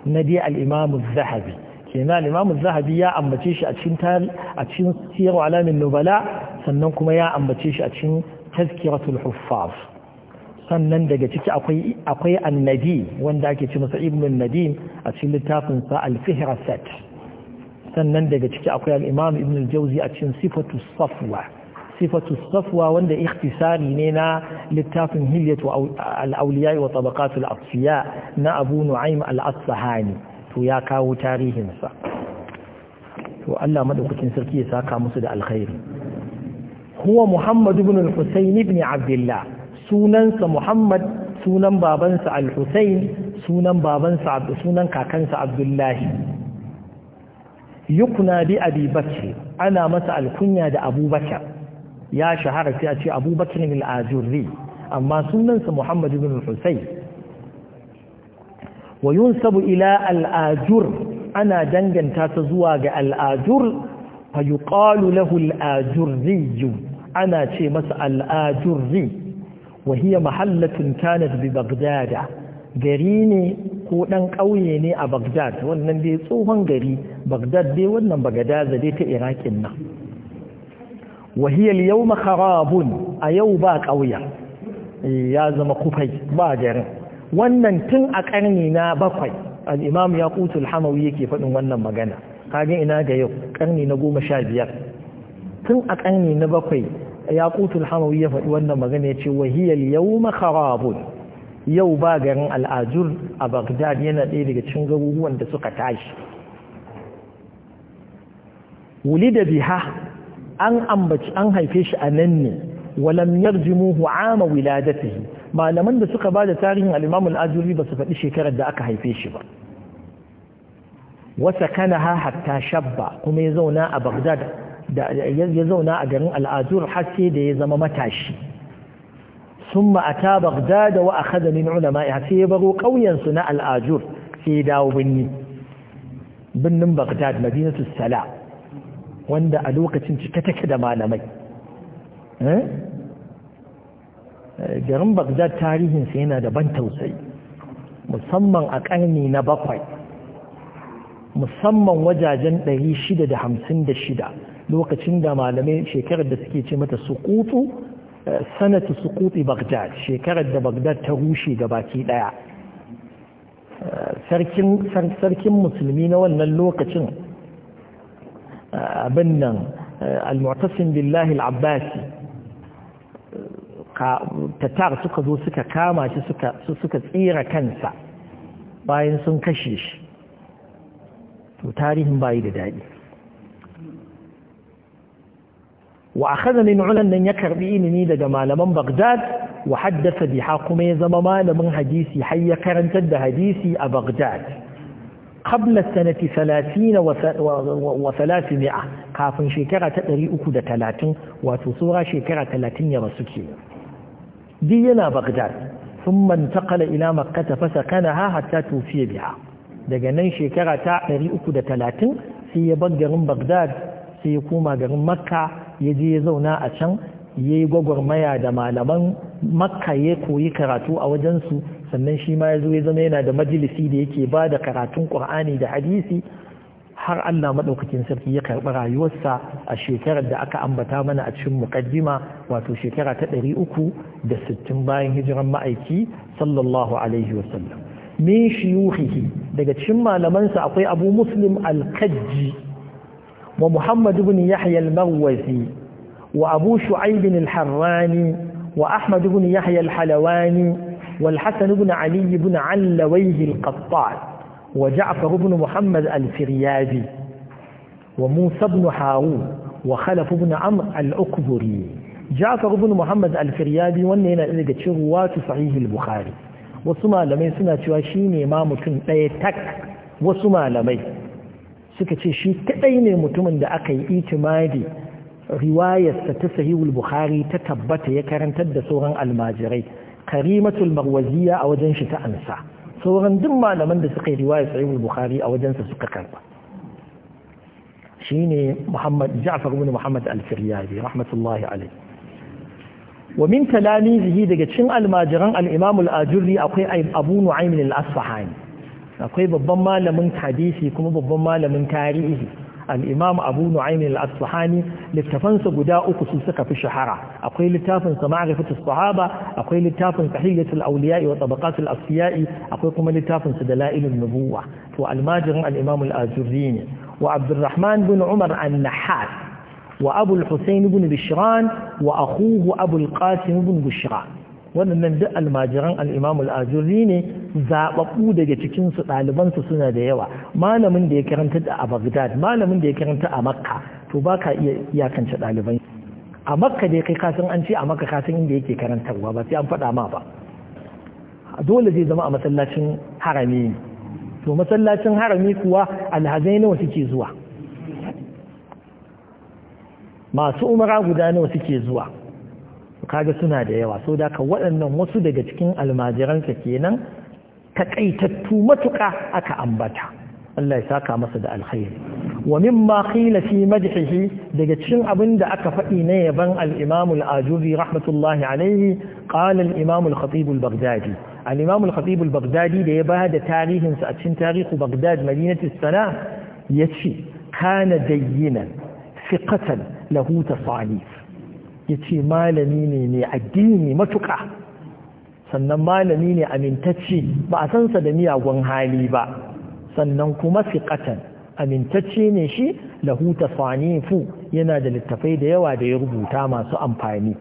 ندي الإمام الذهبي كينا الإمام الذهبي يا أم بتيش أتشين تال أتشين سير علام النبلاء سننكم يا أم بتيش أتشين تذكرة الحفاظ sannan daga ciki akwai akwai annadi wanda ake ce masa ibnu annadi a cikin littafin sannan daga ciki akwai al'imam ibn al-jauzi a cikin sifatu safwa sifatu safwa wanda ikhtisari ne na littafin hilyatu al’auliya wa tabaqatul afiya na abu nu'aim al’asahani to ya kawo tarihinsa to Allah madaukakin sarki ya saka musu da alkhairi huwa muhammad ibn al-husayn ibn abdullah sunansa muhammad sunan babansa al-husayn sunan babansa sunan kakansa abdullahi yukuna bi abi bakr ana masa alkunya da abubakar ya shahara sai a ce abubakar al-ajurri amma sunansa Muhammadu bin husayn wa sabu ila al'ajur ana danganta ta zuwa ga al'ajur ajur fa yuqalu lahu al-ajurri ana ce masa al-ajurri mahallatun محلة bi bagdada. gari ne ko ɗan ƙauye ne a Baghdad wannan dai tsohon gari Baghdad dai wannan Baghdad dai ta Iraƙin nan wahiyar yau makarabun a yau ba ƙauya eh, ya zama kufai ba garin wannan tun a ƙarni na bakwai al'imam ya ƙutul hamawi yake faɗin wannan magana kagin ina ga yau ƙarni na goma sha biyar tun a ƙarni na bakwai ya ƙutul hamawi ya faɗi wannan magana ya ce wahiyar yau makarabun yau ba garin al'ajur a bagdad yana ɗaya daga cikin garuruwan da suka tashi wuli da biha an ambaci an haife shi a nan ne walam jimuhu ama wiladatihi malaman da suka ba da tarihin al ajuri ba su faɗi shekarar da aka haife shi ba wata kana ha hatta shabba kuma ya zauna a bagdad ya zauna a garin al'ajur har sai da ya zama matashi ثم أتى بغداد وأخذ من علمائها سيبغوا قويا سناء الآجور داو بني بنن بغداد مدينة السلام وند ألوقة تكتك دمانا مي garin بغداد tarihinsa yana da ban tausayi musamman a ƙarni na bakwai musamman wajajen 656 lokacin da malamai shekarar da suke ce mata su sukutu sanatu suquti bagdad shekarar da bagdad ta rushe da baki daya sarkin musulmi na wannan lokacin abin nan al-mu'tasim billahi al-abbasi tatar suka zo suka kama shi suka tsira kansa bayan sun kashe shi to tarihin bayi da daɗi wa akhadha min nan ya karbi ilimi daga malaman bagdad wa haddatha biha kuma ya zama malamin hadisi har ya karantar da hadisi a bagdad qabla sanati 30 wa 300 kafin shekara ta 330 wato sura shekara talatin ya rasu ke duk yana Baghdad ثم انتقل إلى مكة kanaha حتى توفي بها daga nan shekara ta talatin sai ya bar garin bagdad. sai ya koma garin makka ya je ya zauna a can ya yi gwagwarmaya da malaman makka ya koyi karatu a wajensu sannan shi ma ya zo ya zama yana da majalisi da yake ba da karatun ƙur'ani da hadisi har Allah maɗaukakin sarki ya karɓi rayuwarsa a shekarar da aka ambata mana a cikin muƙaddima wato shekara ta ɗari uku da sittin bayan hijiran ma'aiki sallallahu alaihi wasallam min shiyuhihi daga cikin malamansa akwai abu muslim al-kajji ومحمد بن يحيى المغوثي وأبو شعيب الحراني وأحمد بن يحيى الحلواني والحسن بن علي بن علويه القطان وجعفر بن محمد الفريابي وموسى بن هارون وخلف بن عمرو الأكبري جعفر بن محمد الفريابي wannan yana daga cikin ruwatu sahih al-bukhari wasu malamai suna cewa shine ma mutum ɗaya tak wasu malamai suka ce shi kadai ne mutumin da aka yi itimadi riwayarsa ta sahihul bukhari ta tabbata ya karantar da sauran almajirai karimatul marwaziya a wajen shi ta ansa sauran duk malaman da suka yi riwayar sahihul bukhari a wajensa suka karba shine muhammad ja'far ibn muhammad al-firyabi rahmatullahi alayhi wa min talamizihi daga cin almajiran al-imam al-ajurri akwai abu nu'aym al-asfahani akwai babban malamin hadisi kuma babban malamin tarihi al'imam abu nu'aym al-asfahani littafansa guda uku su suka fi shahara akwai littafin sa ma'rifatu sahaba akwai littafin tahiyatul awliya'i wa tabaqatul asfiya'i akwai kuma littafin sa dalailun nubuwa to almajirin al-imam ne wa abdurrahman bin umar an wa abu bin bishran wa akhuhu abu qasim bin bishran waɗannan duk almajiran al'imamul ajuri ne zaɓaɓɓu daga cikinsu ɗalibansu suna da yawa malamin da ya karanta a bagdad malamin da ya karanta a makka to ba ka iya iyakance ɗaliban a makka dai kai kasan an ce a makka kasan inda yake karantarwa ba sai an faɗa ma ba dole zai zama a masallacin harami to masallacin harami kuwa alhazai nawa suke zuwa masu umara guda nawa suke zuwa kaga suna da yawa so da ka waɗannan wasu daga cikin almajiransa kenan taƙaitattu matuƙa aka ambata Allah ya saka masa da alkhairi wa mimma qila fi madhihi daga cikin abin da aka faɗi na yaban al-Imam al-Ajuzi rahmatullahi alayhi qala al-Imam al-Khatib al-Baghdadi al-Imam al-Khatib al-Baghdadi da ya da tarihin sa a cikin tarihu Baghdad madinatu sana yace kana dayyinan fiqatan lahu tasalif ya ce malami ne ne addini matuka sannan malami ne amintacci ba a san sa da miyagun hali ba sannan kuma fiƙatan amintacci ne shi lahu tasanifu yana da littafai da yawa da ya rubuta masu amfani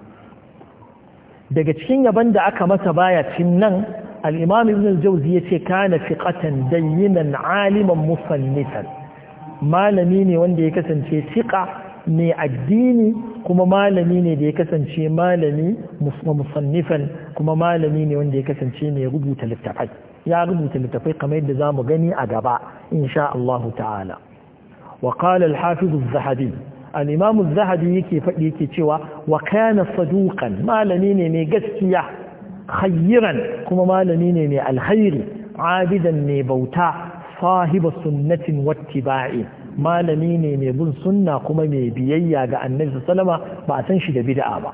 daga cikin yaban da aka masa baya cin nan al-imam ibn al-jawzi ce kana fiqatan dayyinan aliman musallisan malami ne wanda ya kasance fiqa mai addini kuma malami ne da ya kasance malami musannifan kuma malami ne wanda ya kasance mai rubuta littafai ya rubuta littafai kamar yadda zamu gani a gaba insha Allah ta'ala wa qala al-hafiz az-zahabi al-imam az-zahabi yake fadi yake cewa wa kana saduqan malami ne mai gaskiya khayran kuma malami ne mai alkhairi abidan mai bauta sahiba sunnatin wattiba'i malami ne mai bin sunna kuma mai biyayya ga annabi sallama ba a san shi da bid'a ba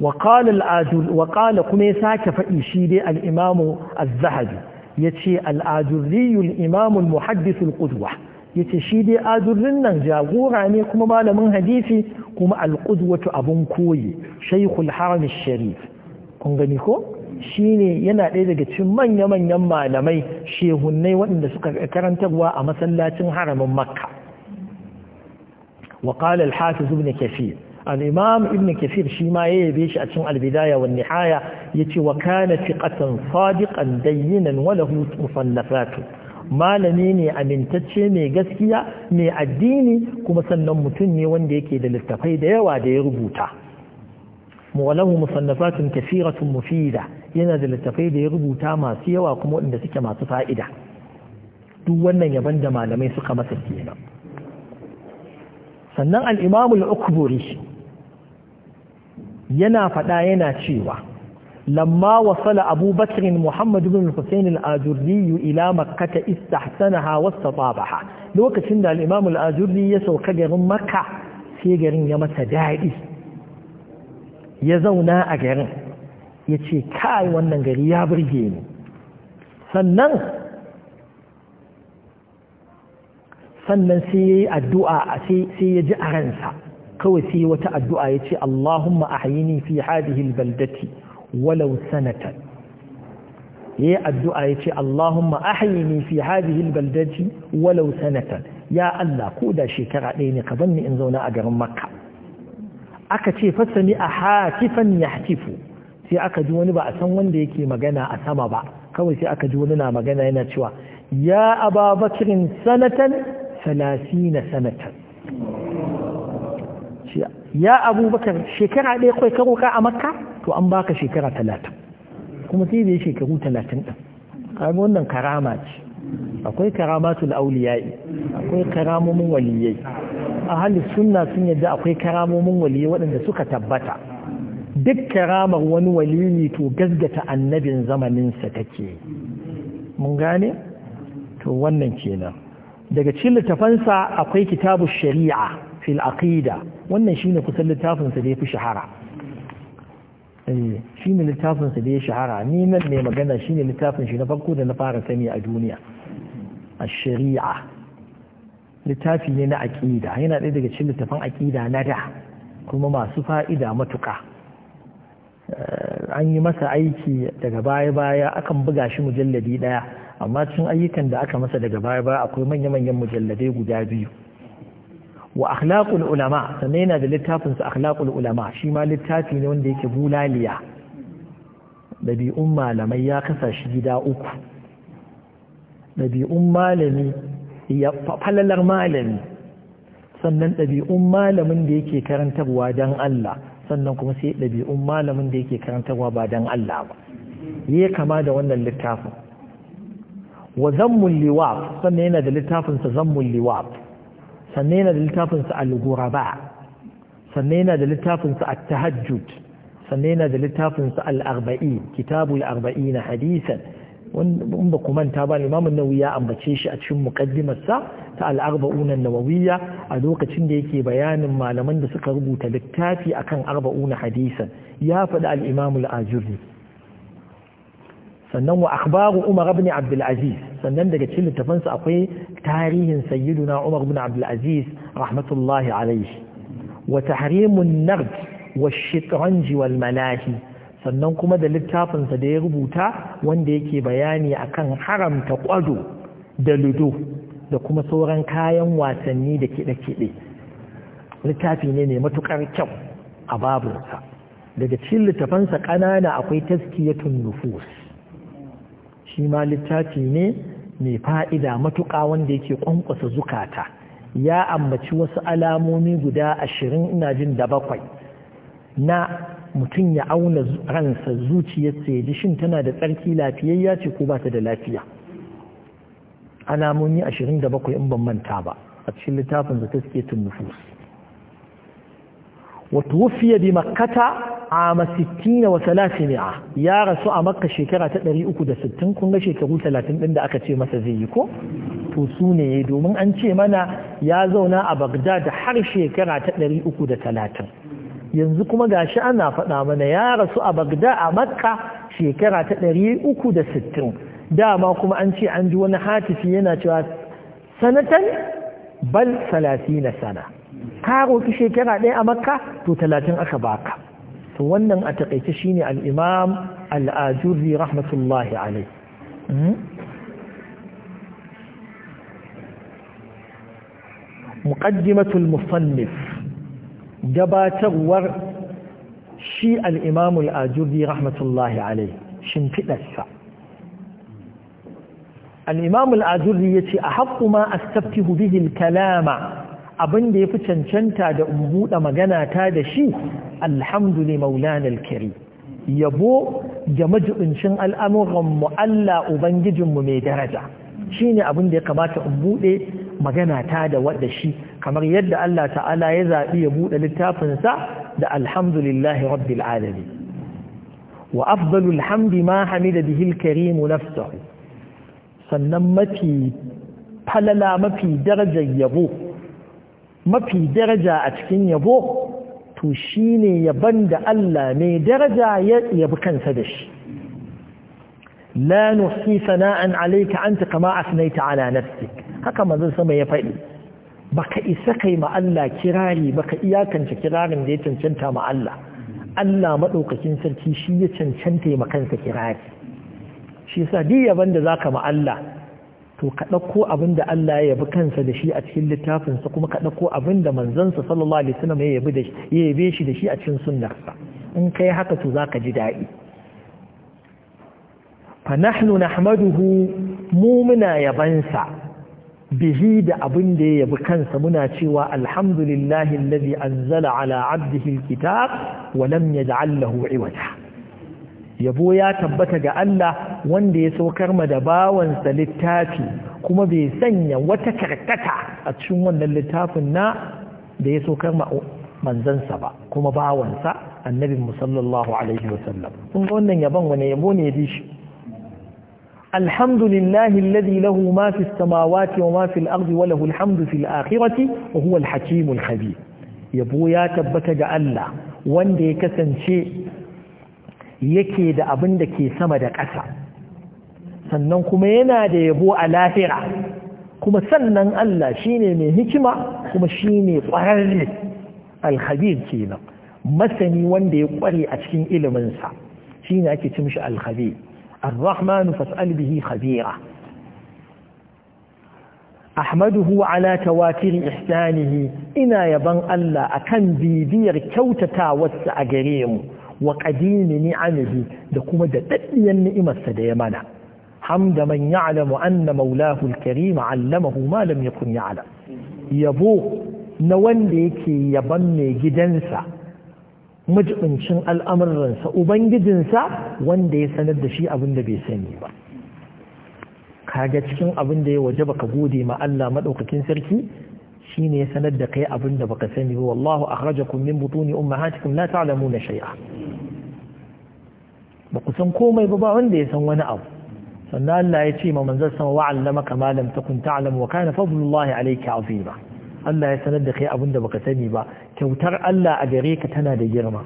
wa qala kuma ya sake faɗi shi dai al-imam az-zahabi yace al-ajurri al-imam al-muhaddith al-qudwa yace shi dai ajurrin nan jagora ne kuma malamin hadisi kuma al-qudwatu abun koyi shaykhul haram al-sharif kun gani ko shi ne yana ɗaya daga cikin manya-manyan malamai shehunai waɗanda suka karantarwa a masallacin haramin makka wa ƙalar hafi zuɓin kafir al’imam ibn kafir shi ma ya yabe shi a cin albidaya wa nihaya ya ce wa kana fi ƙasan sadiƙan dayyinan wala hutu fallafatu malami ne amintacce mai gaskiya mai addini kuma sannan mutum ne wanda yake da littafai da yawa da ya rubuta mu walahu musannafatun kafiratun mufida yana da littafai da ya rubuta masu yawa kuma waɗanda suke masu fa'ida duk wannan yaban da malamai suka masa kenan sannan al'imamul ukburi yana faɗa yana cewa lamma wasala abubakarin muhammadu bin hussein al'ajurriyu ila makkata istahsanaha wasta tsabaha lokacin da al'imamul ajurri ya sauka garin makka sai garin ya masa daɗi ya zauna a garin ya ce kai wannan gari ya burge ni sannan sannan sai ya yi addu'a sai ya ji a ransa kawai sai wata addu'a ya ce Allahumma a hayini fi baldati walau sanatan ya yi addu'a ya ce Allahumma a hayini fi baldati walau sanatan ya Allah ko da shekara ɗaya ne ka banni in zauna a garin makka aka ce fasani a hatifan ya hatifu sai aka ji wani ba a san wanda yake magana a sama ba kawai sai aka ji wani na magana yana cewa ya ababakirin sanatan salasi na sanatan ya abubakar shekara ɗaya karo ka a makka to an baka shekara talatin kuma sai da shekaru talatin ɗin kaga wannan karama ce akwai karamatul auliyai akwai karamomin waliyai a halin sunna sun yadda akwai karamomin waliyai waɗanda suka tabbata duk karamar wani walili to gazgata annabin zamaninsa take mun gane to wannan kenan daga cikin littafansa akwai kitabu shari'a fil aqida wannan shine kusan littafinsa da ya fi shahara eh, shine littafinsa da ya shahara ni nan mai magana shine littafin shi na farko da na fara sani a duniya a shari'a littafi ne na aqida yana ɗaya daga cikin littafan aqida na da kuma masu fa'ida matuƙa Eh, an yi masa aiki daga baya-baya akan buga shi mujalladi ɗaya amma cikin ayyukan da aka masa daga baya-baya akwai manya-manyan mujalladai guda biyu wa akhlaqul ulama sannan yana da littafin su akhlaqul ulama shi ma littafi ne wanda yake bulaliya dabi'un malamai ya kasa shi gida uku dabi'un malami ya falalar malami sannan dabi'un malamin da yake karantarwa dan Allah sannan kuma sai ɗabi'un malamin da yake karantarwa ba don Allah ba ya kama da wannan littafin wa zammun liwaf sannan yana da littafinsa zammun liwaf sannan yana da littafinsa al-ghuraba sannan yana da littafinsa at-tahajjud sannan yana da littafinsa al-arba'i kitabul arba'ina hadisan in ba ku manta ba limamin nawawi ya ambace shi a cikin mukaddimarsa ta al-arba'un nawawiyya a lokacin da yake bayanin malaman da suka rubuta littafi akan arba'un hadisan ya faɗi al-imam sannan wa akhbaru umar ibn abdul aziz sannan daga cikin littafansa akwai tarihin sayyiduna umar ibn abdul aziz rahmatullahi alayhi wa tahrimun nard wa shitranji wal malahi sannan kuma da littafinsa da ya rubuta wanda yake bayani akan haramta ƙwado da ludo da kuma sauran kayan wasanni da kiɗe-kiɗe littafi ne mai matuƙar kyau a babinsa daga cikin littafansa ƙanana akwai taskiyatun nufus shi ma littafi ne mai fa'ida matuƙa wanda yake ƙwanƙwasa zukata ya ambaci wasu alamomi guda ashirin ina jin da bakwai na mutum ya auna ransa zuciyarsa ya ji shin tana da tsarki lafiyayya ce ko ba ta da lafiya alamomi 27 in ban manta ba a cikin littafin da suke tun nufus wata wufiya bi makata a masittina wa talafini'a ya rasu a makka shekara ta 360 kun ga shekaru 30 ɗin da aka ce masa zai yi ko to su ne domin an ce mana ya zauna a bagdad har shekara ta 330 yanzu kuma gashi ana faɗa mana ya rasu a bagda a makka shekara ta 360 dama kuma an ce an ji wani hatifi yana cewa sanatan bal 30 sana ka roki shekara ɗaya a makka to 30 aka baka to wannan a taƙaice shine al-imam al rahmatullahi alai hmm? muqaddimatul musannif gabatarwar shi al'imamul ajubi rahmatullahi alai shimfiɗarsa al'imamul ajubi ya ce a haƙu ma a staftihu hubihil kalama abin da ya fi cancanta da buɗe magana ta da shi alhamdulillah maulana kiri yabo ga majibincin al'amuranmu Allah Ubangijinmu mai daraja shi ne abin da ya kamata in buɗe magana ta da wadda shi kamar yadda Allah ta'ala ya zaɓi ya buɗe littafinsa da alhamdulillahi rabbil alamin wa afdalul hamdi ma hamida bihi alkarim nafsuhu sannan mafi falala mafi darajar yabo mafi daraja a cikin yabo to shine yaban da Allah mai daraja ya yabi kansa da shi لا sana'an alaika عليك أنت كما أثنيت على نفسك haka manzon sama ya faɗi baka isa kai ma Allah kirari baka iyakance kirarin da ya cancanta ma Allah Allah madaukakin sarki shi ya cancanta ma kansa kirari shi yasa duk yaban da zaka ma Allah to ka ɗauko abin da Allah ya yabi kansa da shi a cikin littafinsa kuma ka ɗauko abin da manzansa sallallahu alaihi wasallam ya yabe shi da shi a cikin sunnarsa in kai haka to zaka ji daɗi fa nahnu nahmaduhu mu muna yabansa bihi da abin da ya yabi kansa muna cewa alhamdulillahi allazi anzala ala abdihi alkitab wa lam yaj'al lahu iwaja yabo ya tabbata ga Allah wanda ya saukar ma da bawansa littafi kuma bai sanya wata karkata a cikin wannan littafin na da ya saukar ma manzansa ba kuma bawansa annabi sallallahu alaihi wasallam kun ga wannan yabon wani yabo ne ya bi shi Alhamdu لله الذي له ما في السماوات وما في الأرض وله الحمد في الآخرة وهو الحكيم الخبير yabo ya tabbata ga Allah wanda ya kasance yake da abin da ke sama da ƙasa sannan kuma yana da yabo a lahira kuma sannan Allah shine mai hikima kuma shine ƙwararre alhabir kenan masani wanda ya ƙware a cikin iliminsa shine ake cin shi alhabir الرحمن فاسأل به خبيرا أحمده على تواتر إحسانه إنا يبن ألا أكن بيبير كوتتا والسأقريم وقديم نعمه دكما دتليا نئمة سديمنا حمد من يعلم أن مولاه الكريم علمه ما لم يكن يعلم يبوه na wanda yake yaban mai gidansa majibincin al'amuransa ubangijinsa wanda ya sanar da shi abin da bai sani ba kaga cikin abin da ya waje baka gode ma Allah maɗaukakin sarki shine ya sanar da kai abin da baka sani ba wallahu akhrajakum min butuni na la na shai'a ba ku san komai ba ba wanda ya san wani abu sannan Allah ya ce ma manzon sama wa'allamaka malam ta takun ta'lam wa kana fadlullahi alayka azima Allah ya sanar da kai abin da baka sani ba kyautar Allah a gare ka tana da girma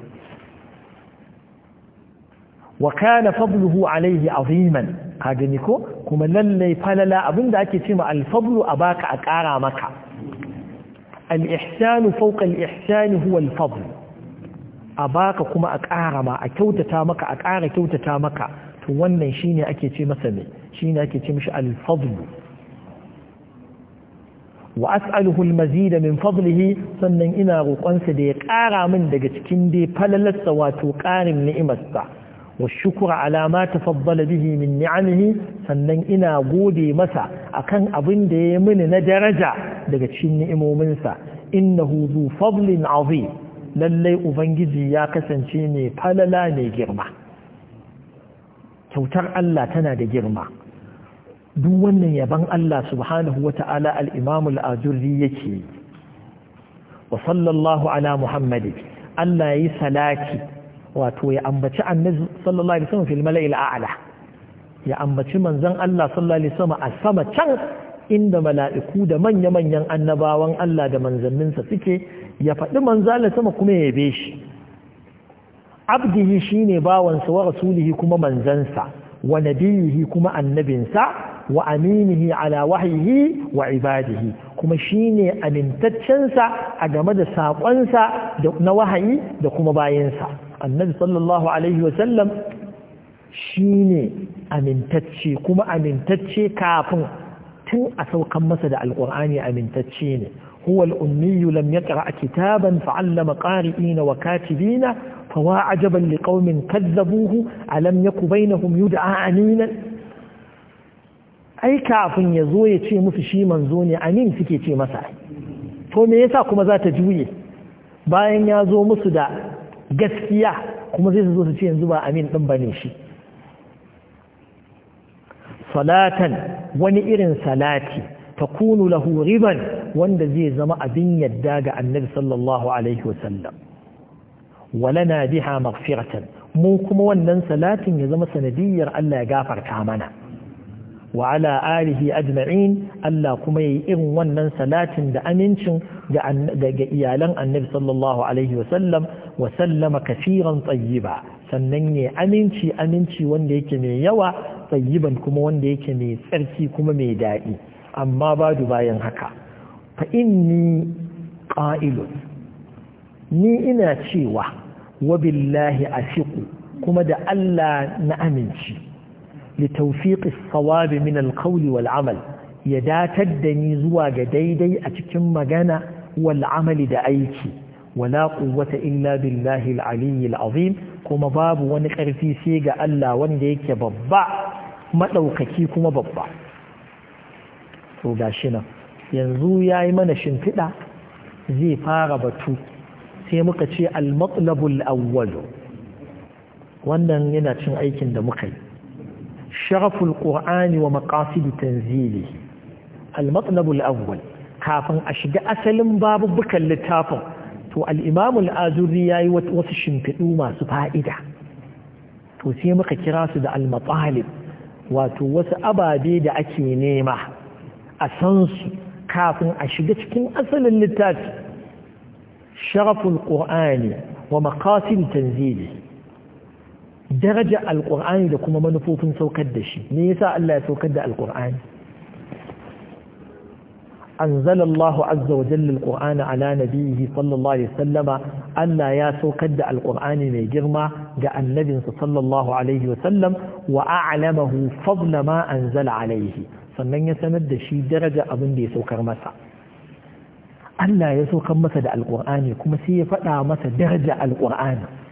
wa kana fadluhu alaihi aziman ka gani ko kuma lallai falala abinda ake cewa al-fadlu a baka a ƙara maka al-ihsanu fawqa al-ihsani huwa al-fadl a baka kuma a ƙara ma a kyautata maka a ƙara kyautata maka to wannan shine ake ce masa ne shine ake ce mishi al-fadlu wa as'aluhu al-mazid min fadlihi sannan ina roƙonsa da ya ƙara min daga cikin dai falalarsa wato ƙarin ni'imarsa wa shukura ala ma tafaddala bihi min ni'amihi sannan ina gode masa akan abin da ya mini na daraja daga cikin ni'imominsa innahu zu fadlin azim lallai ubangiji ya kasance ne falala mai girma kyautar Allah tana da girma duk wannan yaban Allah subhanahu wa ta'ala al'imamu al'ajurri yake wa sallallahu ala Muhammadu Allah ya yi salaki wato ya ambaci annabi sallallahu alaihi wasallam fil mala'il a'la ya ambaci manzon Allah sallallahu alaihi wasallam a sama can inda mala'iku da manya-manyan annabawan Allah da manzanninsa suke ya faɗi manzala sama kuma ya yabe shi abdihi shine bawansa wa rasulihi kuma manzansa wa nabiyihi kuma annabinsa wa aminihi ala wahayi wa ibadihi kuma shine amintaccensa a game da saƙonsa na wahayi da kuma bayansa annabi sallallahu alaihi wa sallam shine amintacce kuma amintacce kafin tun a saukan masa da alƙur'ani amintacce ne هو الأمي لم يقرأ كتابا فعلم قارئين وكاتبين فوا عجبا لقوم كذبوه ألم يك بينهم يدعى أمينا ai kafin ya zo ya ce musu shi manzo ne amin suke ce masa to me yasa kuma za ta juye bayan ya zo musu da gaskiya kuma zai zo su ce yanzu ba amin din bane shi salatan wani irin salati takunu lahu riban wanda zai zama abin yadda ga annabi sallallahu alaihi wasallam walana biha maghfiratan mu kuma wannan salatin ya zama sanadiyyar Allah ya gafarta mana wa ala alihi ajma'in Allah kuma yi irin wannan salatin da amincin daga iyalan annabi sallallahu alaihi wa sallam wa sallama kafiran tsayyiba sannan ne aminci aminci wanda yake mai yawa tsayyiban kuma wanda yake mai tsarki kuma mai daɗi amma badu bayan haka fa inni qa'ilun ni ina cewa wabillahi billahi asiku kuma da Allah na aminci لتوفيق الصواب من القول والعمل يداتد دني زوا جديدي أتكم مجانا والعمل دأيكي ولا قوة إلا بالله العلي العظيم كما باب ونقرفي سيغا ألا ونديك ببع مدوككي كما ببع وقاشنا ينزو يا إيمان شنفئة زي فاربتو سيمكتي المطلب الأول wannan yana cin aikin da muka yi شرف القرآن ومقاصد تنزيله المطلب الأول كافن أشد أسلم باب بك اللتافن تو الإمام الآزري وسشن تلوما سفائدة تو سيمك كراس دا المطالب واتو وس أبادي دا أكي نيمة أسنس كافن أشد تكين أسل اللتاف شرف القرآن ومقاصد تنزيله daraja alƙur'ani da kuma manufofin saukar da shi ne yasa Allah ya saukar da alƙur'ani anzalallahu azza wa jalla alqur'ana ala nabiyhi sallallahu alaihi wasallama anna ya saukar da Alƙur'ani mai girma ga annabinsa sa sallallahu alaihi wasallam wa a'lamahu fadla ma anzala alaihi sannan ya sanar da shi daraja abin da ya saukar masa Allah ya saukar masa da alqur'ani kuma sai ya faɗa masa daraja alqur'ani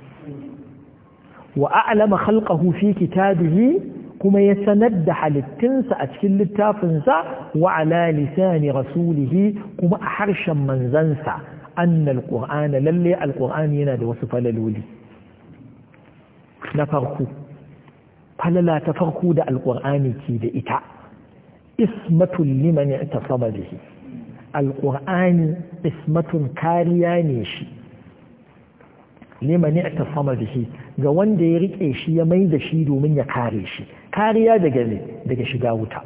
wa a'lama khalqahu fi kitabihi kuma ya sanar da halittinsa a cikin littafinsa wa ala lisani rasulihi kuma a harshen manzansa annal qur'ana lalle alqur'ani yana da wasu falaloli na farko falala ta farko da alqur'ani ke da ita ismatul liman i'tasama bihi alqur'ani ismatun kariya ne shi liman i'tasama bihi ga wanda ya rike shi ya mai da shi domin ya kare shi kariya daga daga shiga wuta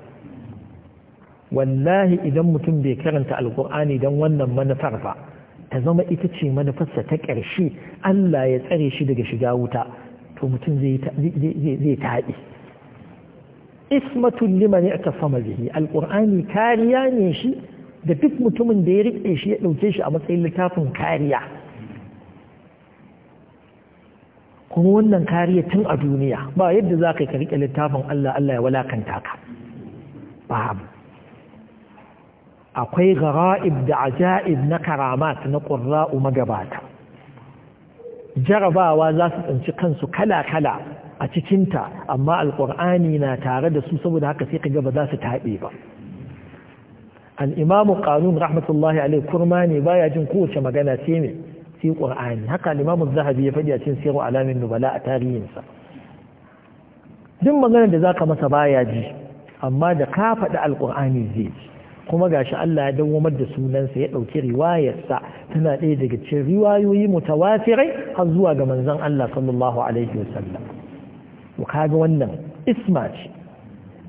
wallahi idan mutum bai karanta alkur'ani don wannan manufar ba ta zama ita ce manufarsa ta ƙarshe Allah ya tsare shi daga shiga wuta to mutum zai taɗi ismatun liman aka sama bihi alkur'ani kariya ne shi da duk mutumin da ya riƙe shi ya ɗauke shi a matsayin littafin kariya kuma wannan kariya tun a duniya ba yadda za ka yi karike littafin Allah Allah ya walakanta ka babu akwai gara'ib da aja'ib na karamat na ƙurra'u magabata jarabawa za su tsinci kansu kala-kala a cikinta amma alƙur'ani na tare da su saboda haka sai ka gaba za su taɓe ba al'imamu ƙanun rahmatullahi alai kurma ne baya jin kowace magana sai ne sai qur'ani haka limamu zahabi ya faɗi a cikin sirru alamin nubala a tarihinsa duk maganar da zaka masa baya ji amma da ka faɗi alqur'ani zai ji kuma shi Allah ya dawwamar da sunansa ya ɗauki riwayarsa tana ɗaya daga cikin riwayoyi mutawatirai har zuwa ga manzon Allah sallallahu alaihi wasallam ku kaga wannan isma ce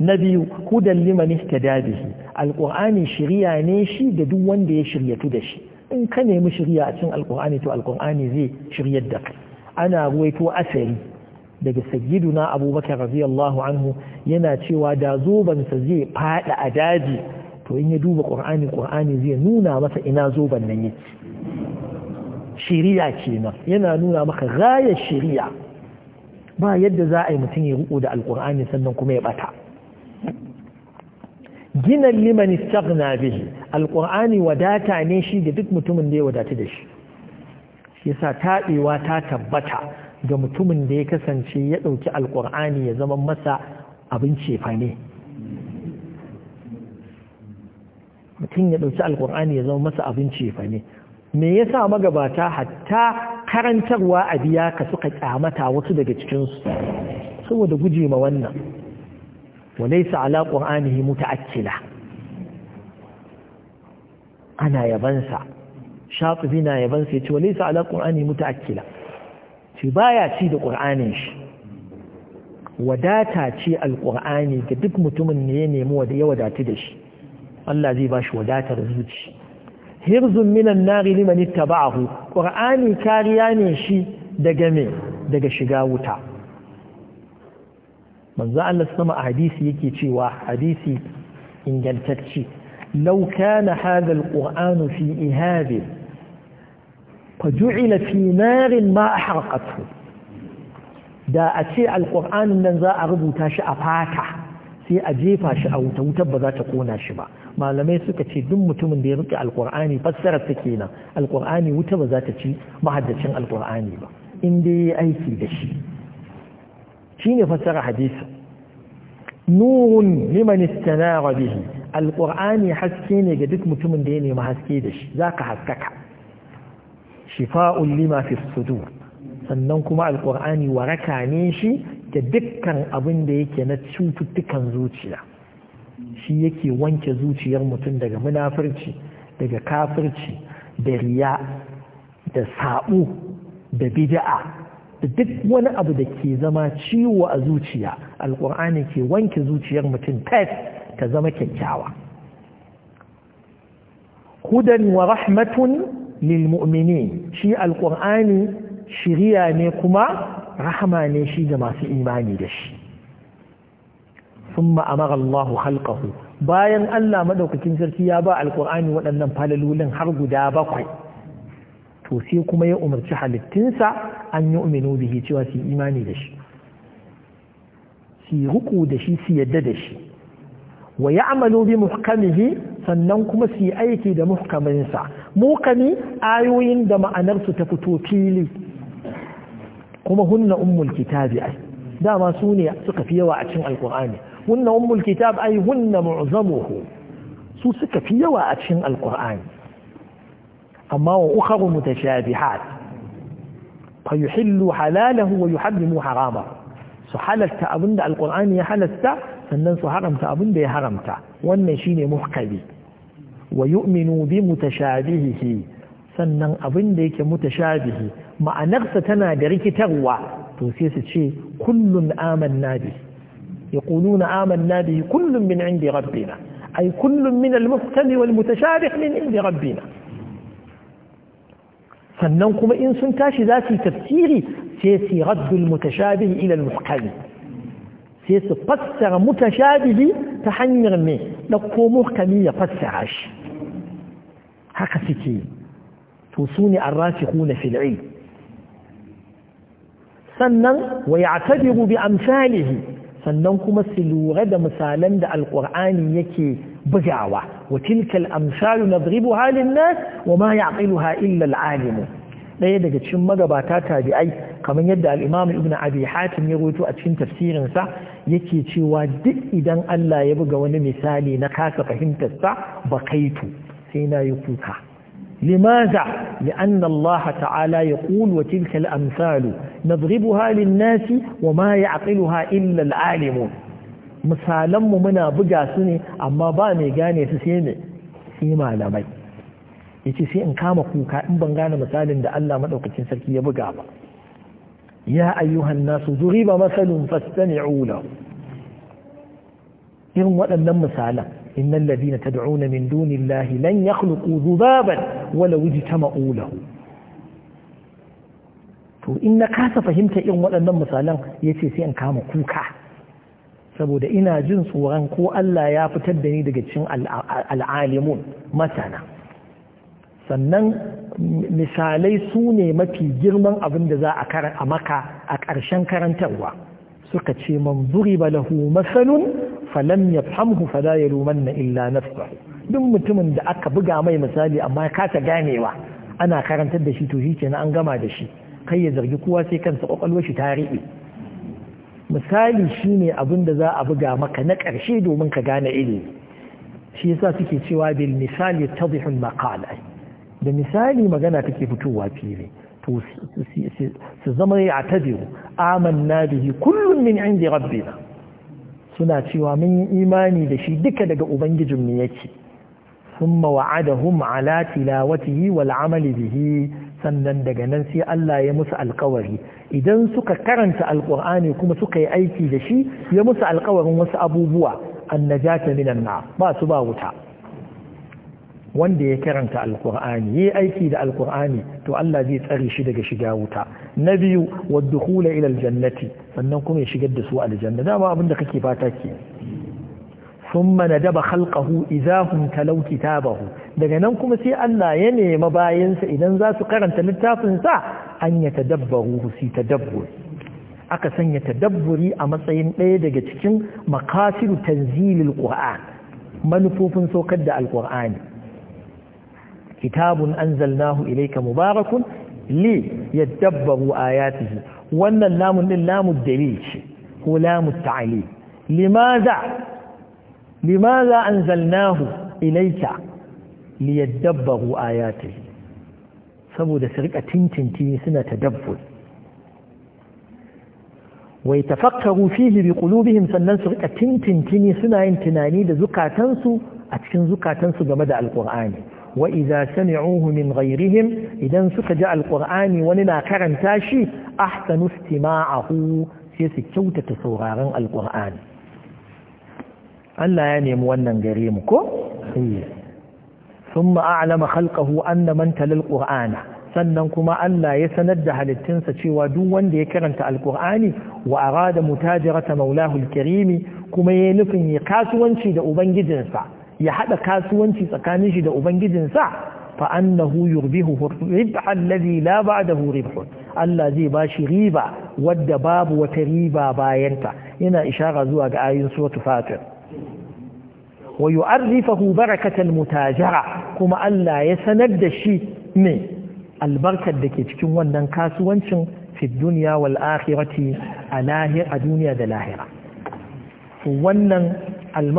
na biyu hudan liman ihtada bihi alqur'ani shiriya ne shi da duk wanda ya shiryatu da shi in ka nemi shirya a cin alkur'ani to alkur'ani zai shiryar da kai ana ruwaito asari daga na abubakar radiyallahu anhu yana cewa da zobansa zai fada a daji to in ya duba qur'ani qur'ani zai nuna masa ina zoban nan yake shiriya kenan yana nuna maka rayar shiriya ba yadda za a yi mutum ya ruko da alkur'ani sannan kuma ya bata gina liman istaghna bihi alqur'ani wadata ne shi da duk mutumin da ya wadata da shi yasa tabewa ta tabbata ga mutumin da ya kasance ya dauki alqur'ani ya zama masa abin cefa ne mutum ya dauki alqur'ani ya zama masa abin cefa ne me yasa magabata hatta karantarwa a biya ka suka kyamata wasu daga cikinsu saboda guje ma wannan وليس على قرآنه متأكلة أنا يبنسى شاطبنا يبنسى وليس على قرآنه متأكلة في بايا تيد قرآنش وداتا تي القرآن كدك متمن ينمو وداتا دش الله زي باش وداتا رزوتش هرز من النار لمن اتبعه قرآني كارياني شي دقمي دق شقاوتا manzo Allah sama a hadisi yake cewa hadisi ingantacce law kana hadha alqur'anu fi ihabi faj'ila fi narin ma ahraqathu da a ce alqur'anin nan za a rubuta shi a fata sai a jefa shi a wuta wutar ba za ta kona shi ba malamai suka ce duk mutumin da ya rike alqur'ani fassarar ta kenan alqur'ani wuta ba za ta ci mahaddacin alqur'ani ba in dai aiki da shi shine fassara hadisi nurun liman istanara bihi alqur'ani haske ne ga duk mutumin da ya nemi haske da shi zaka haskaka shifa'un lima fi sudur sannan kuma alqur'ani waraka ne shi da dukkan abin da yake na cututtukan zuciya shi yake wanke zuciyar mutum daga munafurci daga kafirci da riya da saɓo da bid'a da duk wani abu da ke zama ciwo a zuciya alkur'ani ke wanke zuciyar mutum tas ta zama kyakkyawa hudan wa rahmatun lil mu'minin shi alkur'ani shiriya ne kuma rahama ne shi ga masu imani da shi summa amara Allahu khalqahu bayan Allah madaukakin sarki ya ba alkur'ani waɗannan falalolin har guda bakwai to sai kuma ya umarci halittinsa an yi uminu bihi cewa su imani da shi su ruku da shi su yadda da shi wa ya amalo bi muhkamihi sannan kuma su yi aiki da muhkaminsa muhkami ayoyin da ma'anarsu ta fito fili kuma hunna ummul kitabi ai dama su ne suka fi yawa a cikin alkur'ani hunna ummul kitab ai hunna mu'zamuhu su suka fi yawa a cikin alkur'ani أما وأخر متشابهات فيحل حلاله ويحرم حرامه su halarta abin da alkur'ani ya halarta sannan su haramta abin da ya haramta wannan shine muhkali wa yu'minu bi mutashabihihi sannan abin da yake mutashabihi ma'anarsa tana da rikitarwa to su ce kullun amanna bi yaquluna amanna rabbina muhtali wal mutashabih sannan kuma in sun tashi za su yi tafsiri sai su raddul mutashabihi ila al-muhkami sai su fassara mutashabihi ta hanyar me dauko muhkami ya fassara shi haka suke to su ne arrafiquna fil ilm sannan wa ya'tabiru bi amsalihi sannan kuma su lura da misalan da alqur'ani yake bugawa wa tilkal amsalu nadribuha lin-nas wa ma ya'qiluha illa al daya daga cikin magabata tabi'ai kamar yadda al-Imam Ibn Abi Hatim ya rawaito a cikin tafsirin sa yake cewa duk idan Allah ya buga wani misali na kasa fahimtar sa bakaitu sai na yi kuka limaza li'anna annallaha ta'ala yaqul wa tilkal amsalu nadribuha halin nas wa ma ya'qiluha illa al misalanmu muna buga su ne amma ba mai gane su sai ne sai malamai yace sai in kama kuka in ban gane misalin da Allah maɗaukacin sarki ya buga ba ya ayyuhan nasu duriba masalun fastami'u ula irin waɗannan misalan innal ladina tad'una min dunillahi lan yakhluqu dhubaban walau ijtama'u lahu to in na kasa fahimta irin waɗannan misalan yace sai in kama kuka saboda ina jin tsoron ko Allah ya fitar da ni daga cikin al'alimun masana sannan misalai su ne mafi girman abin da za a maka a ƙarshen karantarwa suka ce man ba lahu masalun falam ya famhu fada ya lumanna illa nafsahu duk mutumin da aka buga mai misali amma ya kasa ganewa ana karantar da shi to shi kenan an gama da shi kai ya zargi kowa sai kansa kwakwalwar shi ta riɓe misali shine abin da za a buga maka na ƙarshe domin ka gane ilimi shi yasa suke cewa bil misali tadhihul maqala da misali magana take fitowa fili to su zama ya tabiru amanna bihi kullun min indi rabbina suna cewa mun yi imani da shi duka daga ubangijinmu yake ثم وعدهم على تلاوته والعمل به sannan daga nan sai Allah ya musu alkawari idan suka karanta alkur'ani kuma suka yi aiki da shi ya musu alkawarin wasu abubuwa annajata minan na ba su ba wuta wanda ya karanta alkur'ani yi aiki da alkur'ani to Allah zai tsare shi daga shiga wuta na biyu wadda hula ilal jannati sannan kuma ya shigar da su aljanna dama abin da kake fata ke thumma nadaba khalqahu idza hum talaw kitabahu daga nan kuma sai Allah ya nemi bayansa idan za su karanta littafin sa an ya tadabbaru su tadabbur aka sanya tadabburi a matsayin ɗaya daga cikin makasiru tanzilil qur'an manufofin saukar da alqur'ani kitabun anzalnahu ilayka mubarakun li yadabbaru ayatihi wannan lamun din lamu dalil ce ko lamu ta'ali limaza limaza anzalnahu ilaika liyadabbaru ayatihi saboda su rika tintinti suna tadabbur wa yatafakkaru fihi bi qulubihim sannan su rika tintinti suna yin tunani da zukatansu a cikin zukatansu game da alqur'ani wa idza sami'uhu min ghayrihim idan suka ji alqur'ani wani na karanta shi ahsanu istima'ahu sai su kyautata sauraron alqur'ani Allah ya nemi wannan gare mu ko eh. thumma a'lama khalqahu anna man talal qur'ana sannan kuma Allah ya sanar da halittinsa cewa duk wanda ya karanta alqur'ani wa arada mutajarata maulahu karimi kuma ya nufin ya kasuwanci da ubangijinsa ya hada kasuwanci tsakanin shi da ubangijinsa fa annahu yurbihu ribha alladhi la ba'dahu ribhun Allah zai bashi riba wadda babu wata riba bayanta yana ishara zuwa ga ayin suratul fatir wa yu'arrifahu barakatan mutajara kuma Allah ya sanar da shi ne albarkar da ke cikin wannan kasuwancin fi duniya wal akhirati a duniya da lahira wannan al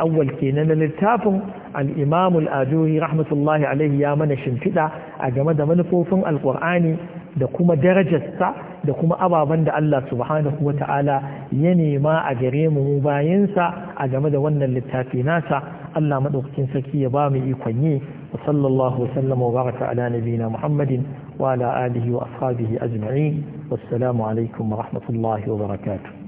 awwal kenan na littafin al-imam rahmatullahi alaihi ya mana shimfiɗa a game da manufofin Alƙur'ani. da kuma darajarsa da kuma ababen da Allah subhanahu wa ta'ala ya nema a gare mu bayansa a game da wannan littafi nasa Allah maɗaukakin sarki ya ba mu ikon yi wa sallallahu sallama wa baraka ala nabina Muhammadin wa ala alihi wa ashabihi ajma'in wassalamu alaikum wa rahmatullahi wa barakatuh